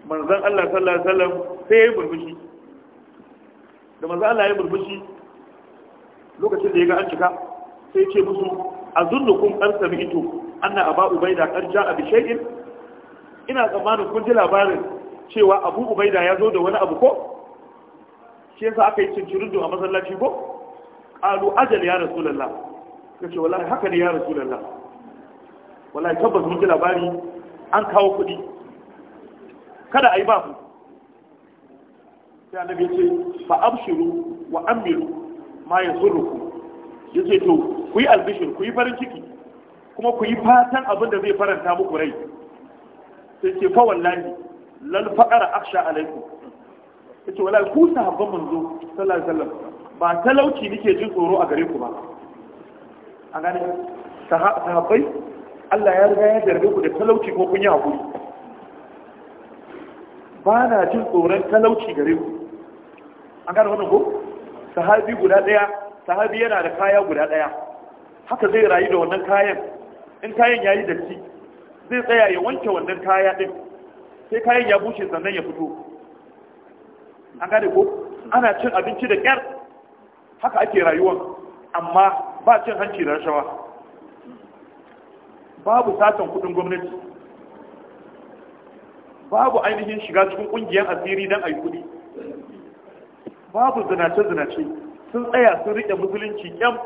manzan Allah sallar sallar sai ya yi burbushi da manzan Allah ya burbushi lokacin da ya ga an cika sai ce musu a zurnukun an sami ito anna aba ubaida da jaa a bishayin ina tsammanin kun ji labarin cewa abu ubaida ya zo da wani abu ko shi yasa aka yi cincirindo a masallaci ko qalu ajal ya rasulullah kace wallahi haka ne ya rasulullah wallahi tabbas mun ji labari an kawo kuɗi kada a yi babu sai annabi ce fa abshiru wa amiru ma yasurruku yace to ku yi albishir ku yi farin ciki kuma ku yi fatan abin da zai faranta muku rai sai ce fa wallahi lal faqara akhsha alaikum yace wallahi ku sahabban manzo sallallahu alaihi wasallam ba talauci nake jin tsoro a gare ku ba a gane sahabbai Allah ya riga ya jarbe ku da talauci ko kun yi hakuri ba na jin tsoron talauci gare ku A gane wannan ko sahabi guda daya sahabi yana da kaya guda ɗaya. haka zai rayu da wannan kayan in kayan ya yi datti zai tsaya ya wanke wannan kaya ɗin. sai kayan ya bushe sannan ya fito an gane ko ana cin abinci da kyar. haka ake rayuwan amma ba cin hanci da rashawa babu satan kudin gwamnati babu ainihin shiga cikin kungiyar asiri don a yi kudi babu zinace-zinace sun tsaya sun riƙe musulunci ƙyam,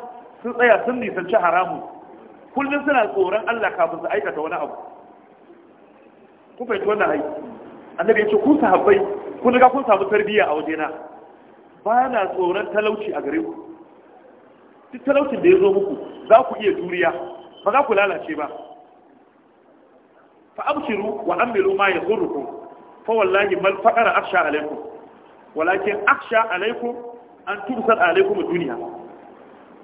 sun tsaya sun nisanci haramu kullum suna tsoron allah kafin su aikata wani abu ku bai wannan ai annabi yace ku sahabbai kun riga kun samu tarbiyya a wajena ba na tsoron talauci a gare ku duk talaucin da ya zo muku za ku iya juriya ba za ku lalace ba fa abshiru wa amilu ma yadhurrukum fa wallahi mal faqara akhsha alaykum walakin akhsha alaykum an tubsar alaykum ad-dunya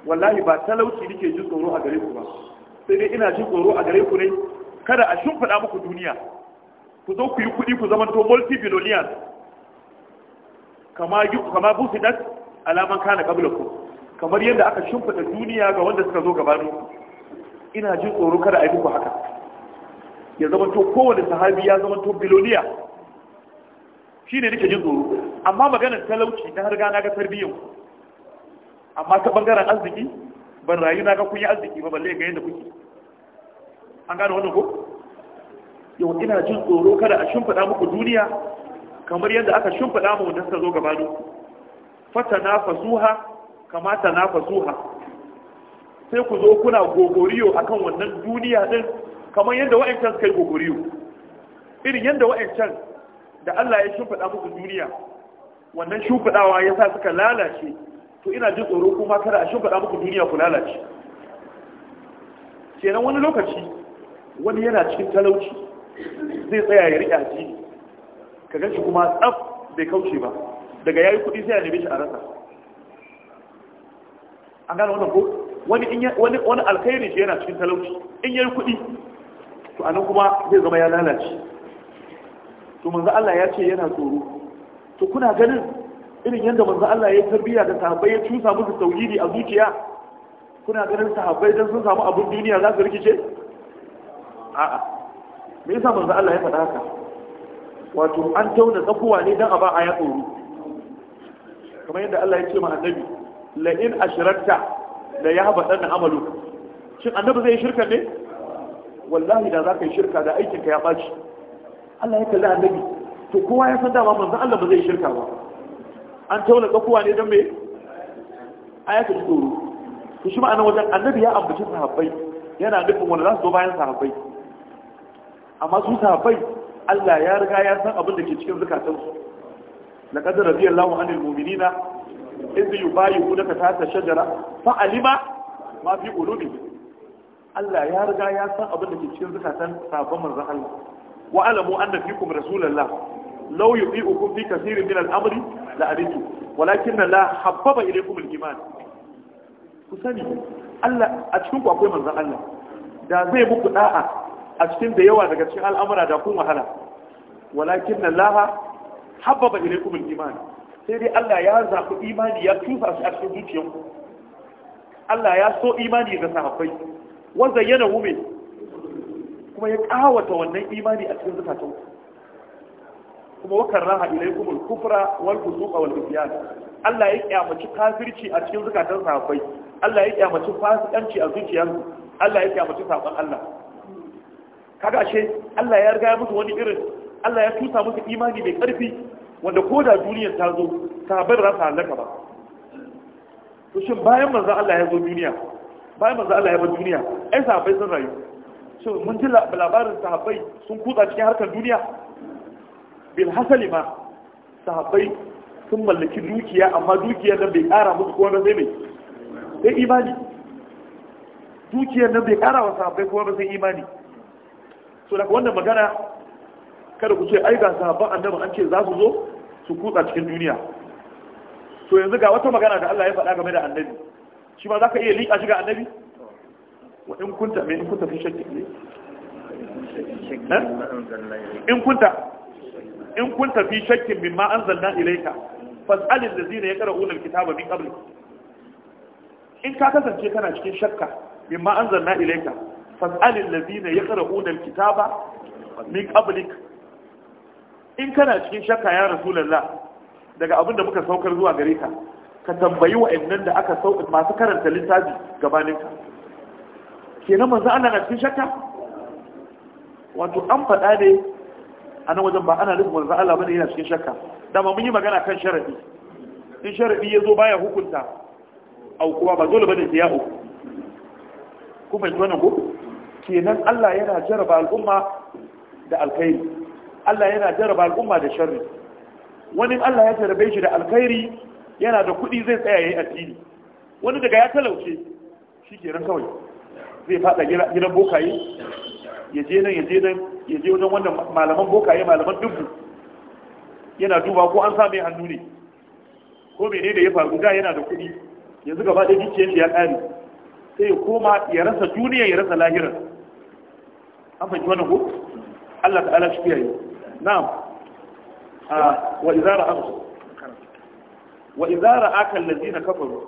wallahi ba talauci nake jin tsoro a gare ku ba sai dai ina jin tsoro a gare ku ne kada a shimfida muku duniya ku zo ku yi kuɗi ku zama to multi billionaires kama yi kama busidat alaman kana ku. kamar yadda aka shimfida duniya ga wanda suka zo gabanin ina jin tsoro kada a yi muku haka ya zama to kowane sahabi ya zama to biloniya shi ne nake jin tsoro amma maganar talauci na har gana ga tarbiyyar amma ta bangaren arziki ban rayu na ga kun yi arziki ba balle ga yadda kuke an gane wannan ko yau ina jin tsoro kada a shimfada muku duniya kamar yadda aka shimfada mu wanda suka zo gaba gabanin fata na fasuha kamata na fasuha sai ku zo kuna gogoriyo akan wannan duniya din kamar yadda wa'ancan suka yi gogoriyo irin yadda wa'ancan da Allah ya shimfada muku duniya wannan shimfadawa ya sa suka lalace to ina jin tsoro kuma kada a shimfada muku duniya ku lalace kenan wani lokaci wani yana cikin talauci zai tsaya ya riƙe ji. ka gan kuma tsaf bai kauce ba daga yayi kuɗi sai ya nemi shi a rasa an gane wannan ko wani wani alkhairi shi yana cikin talauci in yayi kuɗi to anan kuma zai zama ya lalace to manzo Allah ya ce yana tsoro to kuna ganin irin yadda manzo Allah ya tarbiya da sahabbai ya cusa musu tauhidi a zuciya kuna ganin sahabbai dan sun samu abin duniya za su rikice a'a me yasa manzo Allah ya faɗa haka wato an tauna tsakuwa ne dan a ba a ya tsoro kamar yadda Allah ya ce ma annabi la in ashrakta la na amalu shin annabi zai shirka ne wallahi da zaka yi shirka da aikin ka ya baci Allah ya kalli annabi to kowa ya san dama manzo Allah ba zai shirka ba an tauna tsakuwa ne dan me ayatul tsoro shi ma'ana wajen annabi ya ambaci sahabbai yana nufin wanda za su zo bayan sahabbai amma su sahabbai Allah ya riga ya san abin da ke cikin zukatansu laqad radiyallahu anil mu'minina iz yubayyi'unaka tahta shajara fa alima ma fi qulubihim Allah ya riga ya san abin da ke cikin zukatan sabon manzon Allah wa alamu anna fikum rasulullah law yuqiukum fi kaseerin min al-amri la aritu walakin la habbaba ilaykum al-iman ku sani Allah a cikin ku akwai manzon Allah da zai muku da'a a cikin da yawa daga cikin al'amura da kun wahala walakin na laha habbaba ilaikum al-iman sai dai Allah ya zafi imani ya tufa shi a cikin zuciyarku Allah ya so imani ga sahabbai wa yana hu kuma ya kawata wannan imani a cikin zukatanku kuma wa karaha ilaikum al-kufra wal fusuqa wal isyan Allah ya kyamaci kafirci a cikin zukatan sahabbai Allah ya kyamaci fasikanci a zuciyarku Allah ya kyamaci sabon Allah kaga ashe Allah ya riga ya musu wani irin Allah ya tusa musu imani mai karfi wanda ko da duniyar ta zo sahabbai ba su halaka ba to shin bayan manzo Allah ya zo duniya bayan manzo Allah ya bar duniya ai sahabbai sun rayu So, mun ji labarin sahabbai sun kutsa cikin harkar duniya bil hasali ma sahabbai sun mallaki dukiya amma dukiyar nan bai ƙara musu ko kowa zai mai sai imani dukiyar nan bai ƙara wa sahabbai kowa sai imani so daga wannan magana kada ku ce ai ga sahabban annabi an ce za su zo su kutsa cikin duniya to yanzu ga wata magana da Allah ya faɗa game da annabi shi ma zaka iya liƙa shi ga annabi wa in kunta me in kunta fi shakki ne eh? in kunta in kunta fi shakkin mimma anzalna ilayka fas'alil ladzina yaqra'una alkitaba min qabl in ka kasance kana cikin shakka mimma anzalna ilayka Fas'alin fas'alil ladina yaqra'una alkitaba min qablik in kana cikin shakka ya rasulullah daga abin da muka saukar zuwa gare ka ka tambayi wa'annan da aka sauka masu karanta littafi gabanin ka kenan manzo Allah na cikin shakka wato an faɗa ne a nan wajen ba ana nufin manzo Allah bane yana cikin shakka dama mun yi magana kan sharadi in sharadi ya zo baya hukunta aukuwa ba dole bane sai ya uku ku fahimci wannan ko kenan Allah yana jarraba al'umma da alkhairi Allah yana jarraba al'umma da sharri wani Allah ya jarrabe shi da alkhairi yana da kuɗi zai tsaya yayi addini wani daga ya talauce shi kenan kawai zai fada gidan bokaye ya je nan ya je nan ya je wajen wannan malaman bokaye malaman dubu yana duba ko an sa mai hannu ne ko da ya faru da yana da kuɗi yanzu gaba ɗaya dukiyar ya ƙare sai ya koma ya rasa duniya ya rasa lahirar an fahimci wannan ko Allah ta'ala shi kiyaye na'am ah, wa idza ra'aka wa idza ra'aka allazina kafaru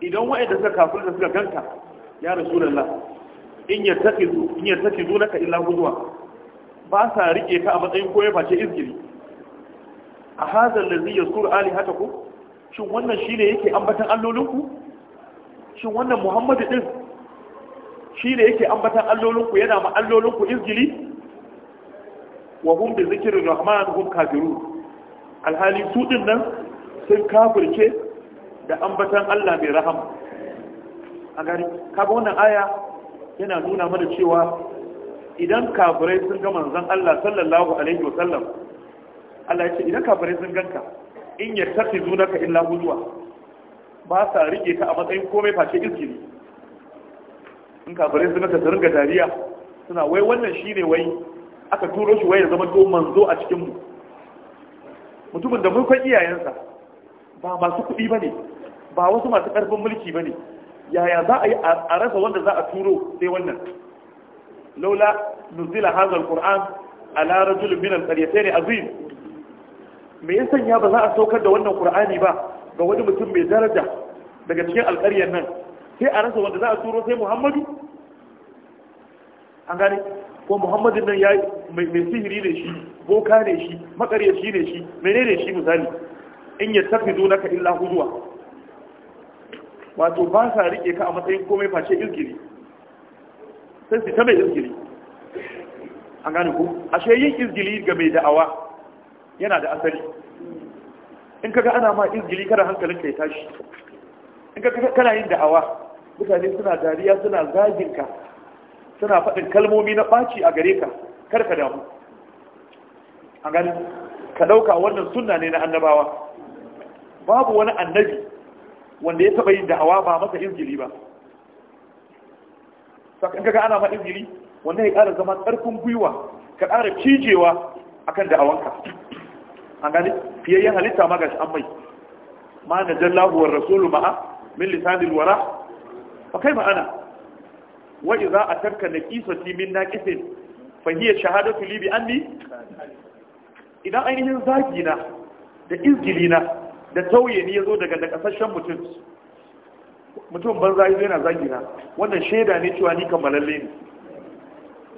idan wa'anda suka kafir da suka ganka ya rasulullah in yattakizu in yattakizu naka illa huzwa ba sa rike ka a matsayin koyar face izgiri a hazan da ya sura ali hata ku shin wannan shi ne yake ambatan allolinku shin wannan muhammadu din? shi da yake ambatan allolinku yana ma allolinku izgili wa hum bi zikrir rahman hum kafirun alhali su din nan sun kafirce da ambatan Allah mai rahama a gari kaga wannan aya yana nuna mana cewa idan kafirai sun ga manzon Allah sallallahu alaihi wa sallam Allah ya ce idan kafirai sun ganka in yattaqizunaka illa huzwa ba sa rike ka a matsayin komai face izgili in kafirai suna ta ga dariya suna wai wannan shi ne wai aka turo shi wai ya zama to manzo a cikin mu mutumin da mulkon iyayensa ba masu kuɗi bane ba wasu masu ƙarfin mulki bane yaya za a yi a rasa wanda za a turo sai wannan laula nuzila hadha alquran ala rajul min alqaryatayn azim me ya sanya ba za a saukar da wannan qur'ani ba ga wani mutum mai daraja daga cikin alƙaryar nan sai a rasa wanda za a turo sai muhammadu an gane ko muhammadin nan ya mai mai sihiri ne shi boka ne shi makaryaci ne shi mene ne shi misali in ya tafi zo naka illa huzuwa wato ba sa rike ka a matsayin komai face izgiri sai su ta mai izgiri an gane ko ashe yin izgiri ga mai da'awa yana da asali in kaga ana ma izgiri kada hankalinka ya tashi in kaga kana yin da'awa mutane suna dariya suna zaginka, suna faɗin kalmomi na ɓaci a gare ka kar ka damu a gani ka ɗauka wannan suna ne na annabawa babu wani annabi wanda ya taɓa yin da'awa ba masa injili ba sakan kaga ana ma injili wanda ya ƙara zama ƙarfin gwiwa ka ƙara cijewa kan da'awanka A gani fiye yin halitta ma an mai ma na rasulu ma'a min lisanin wara fa kaifa ana wa idza atarka naqisati min naqisin fa hiya shahadatu li bi idan ainihin zagi na da izgilina da tauye ya yazo daga nakasashen mutum mutum banza yazo yana zagi na wannan shaida ne cewa ni kammalalle ne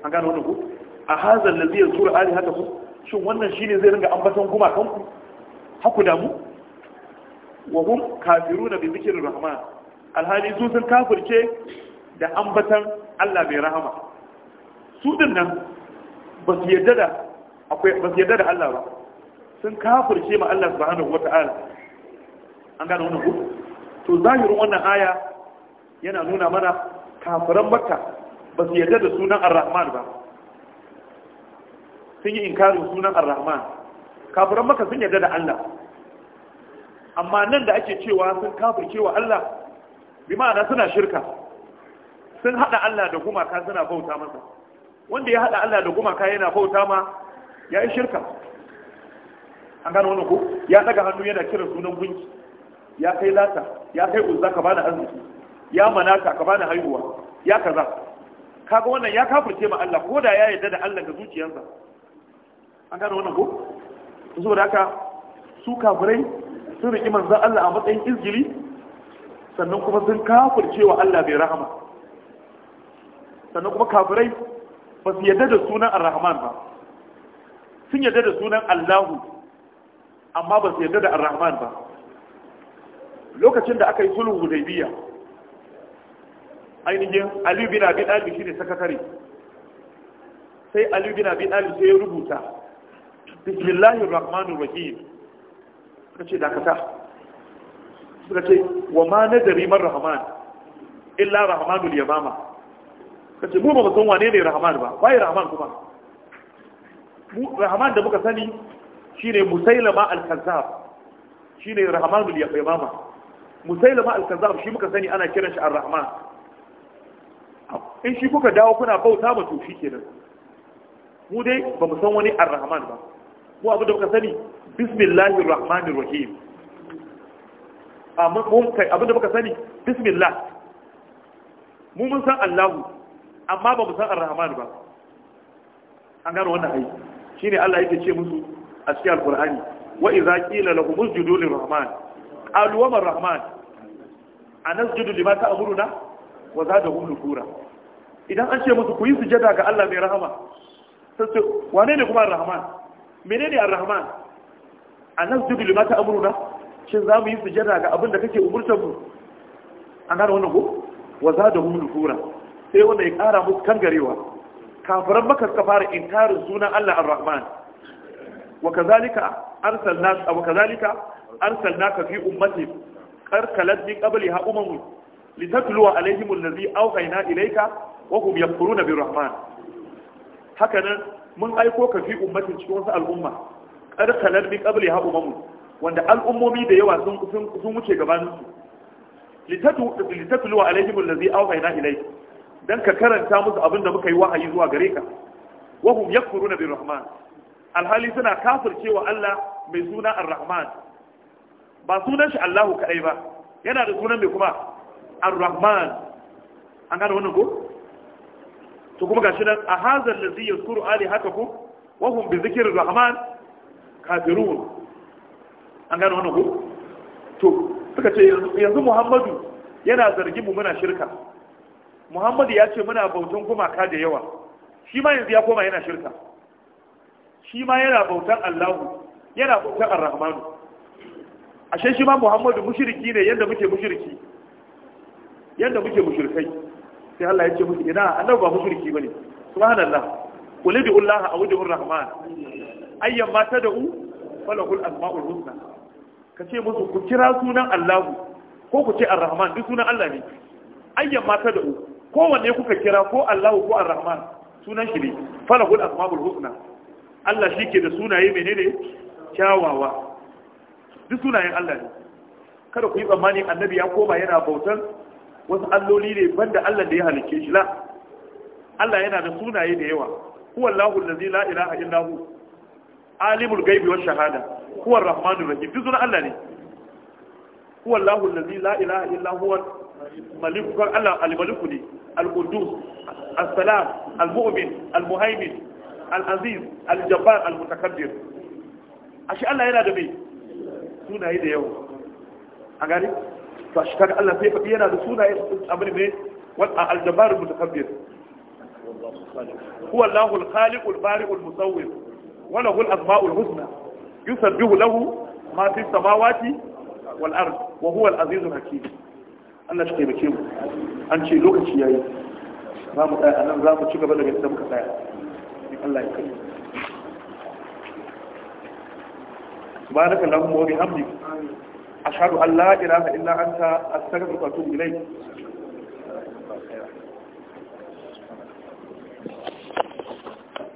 an gano wani ku a hazal zai yazkuru ali haka ku shin wannan ne zai ringa ambaton gumakanku ku haku damu wa kafiruna bi zikrir rahman alhali su sun kafirce da ambatan Allah mai rahama su dinnan ba su yadda da akwai ba su yadda da Allah ba sun kafirce ma Allah subhanahu wata'ala an gane wannan ku to zahirin wannan aya yana nuna mana kafiran makka ba su yadda da sunan ar-rahman ba sun yi inkarin sunan ar-rahman kafiran makka sun yarda da Allah amma nan da ake cewa sun kafirce wa Allah bi ma'ana suna shirka sun hada Allah da gumaka suna bauta masa wanda ya hada Allah da gumaka yana bauta ma ya yi shirka an gano wani ko ya daga hannu yana kiran sunan gunki ya kai lata ya kai uzza ka bani arziki ya manata ka bani haihuwa ya kaza kaga wannan ya kafirce ma Allah ko da ya yarda da Allah ga zuciyarsa an gano wannan ko saboda haka su kafirai sun riƙi manzon Allah a matsayin izgili sannan kuma sun kafir cewa Allah mai rahama sannan kuma kafirai ba su yadda da sunan ar-rahman ba sun yadda da sunan Allahu amma ba su yadda da ar-rahman ba lokacin da aka yi sulhu hudaybiya ainihin Ali bin Abi Talib shine sakatare sai Ali bin Abi Talib sai ya rubuta bismillahir rahmanir rahim kace dakata suka ce wa ma nadari mar rahman illa rahmanul yamama kace mu ba san wane ne rahman ba wai rahman kuma mu rahman da muka sani shine musailama al-kazzab shine rahmanul yamama musailama al-kazzab shi muka sani ana kiran shi ar-rahman in shi kuka dawo kuna bauta ba to shi kenan mu dai ba mu san wani ar-rahman ba mu abu da muka sani bismillahir rahmanir rahim amma mun kai abin da muka sani bismillah mu mun san Allahu amma ba mu san Ar-Rahman ba an gano wannan ai shine Allah yake ce musu a cikin Al-Qur'ani wa idza qila lahum usjudu lir-Rahman qalu wa mar-Rahman anasjudu lima ta'muruna wa zadahum nufura idan an ce musu ku yi sujada ga Allah mai rahama sai wane ne kuma Ar-Rahman menene Ar-Rahman anasjudu lima ta'muruna shin za mu yi sujada ga abin da kake umurtanmu? mu an gane wannan ko wa za da hun nufura sai wanda ya kara musu kangarewa kafiran maka suka fara inkarin sunan Allah ar-Rahman wa kazalika arsalna wa kazalika arsalnaka fi ummatin karkalat min qabliha umamun litatluwa alaihim allazi awhayna ilayka wa hum yakfuruna bir-rahman Haka nan mun aiko ka fi ummatin cikin wasu al'umma karkalat min qabliha umamun wanda al'ummomi da yawa sun wuce gabaninsu litatulu wa alaihim allazi awhayna ilayk dan ka karanta musu abinda muka yi wahayi zuwa gare ka wa hum yakfuruna bir rahman alhali suna kafircewa Allah mai suna ar-rahman ba sunan shi Allahu kadai ba yana da sunan mai kuma ar-rahman an gano wannan ko to kuma gashi nan a hazal ladhi yazkuru ali hakakum wa hum bi dhikri rahman kafirun an gano wannan ko to suka ce yanzu muhammadu yana zargin mu muna shirka muhammadu ya ce muna bautan gumaka da yawa shi ma yanzu ya koma yana shirka shi ma yana bautan allahu yana bautan arrahmanu ashe shi ma muhammadu mushriki ne yadda muke mushriki yadda muke mushrikai sai Allah ya ce muke ina annabi ba mushriki bane subhanallah qul ud'u allaha aw ud'u arrahman ayyamma tad'u falahul asmaul husna ka ce musu ku kira sunan Allahu ko ku ce Ar-Rahman duk sunan Allah ne ayyan mata da uku kowanne kuka kira ko Allahu ko Ar-Rahman sunan shi ne falahul asmaul husna Allah shi ke da sunaye menene kyawawa duk sunayen Allah ne kada ku yi tsammani annabi ya koma yana bautar wasu alloli ne banda Allah da ya halicce shi la Allah yana da sunaye da yawa huwallahu allazi la ilaha illa hu alimul ghaibi wash shahada huwa rahmanur rahim duk sunan Allah ne huwa Allahu allazi la ilaha illa huwa malik Allah al-malik ne al-qudus as-salam al-mu'min al-muhaymin al-aziz al-jabbar al-mutakabbir ashe Allah yana da mai sunaye da yawa a gani to shi kaga Allah sai faɗi yana da sunaye abin ne wata al-jabbar al-mutakabbir huwa Allahu al-khaliq al-bari al-musawwir wa lahu al-asma'ul husna yusabbihu lahu ma fi samawati wal ard wa huwa al azizul hakim Allah shi taimake mu an ce lokaci yayi za mu tsaya anan za mu ci gaba daga inda muka tsaya Allah ya kai سبحانك اللهم وبحمدك أشهد أن لا إله إلا أنت أستغفرك وأتوب إليك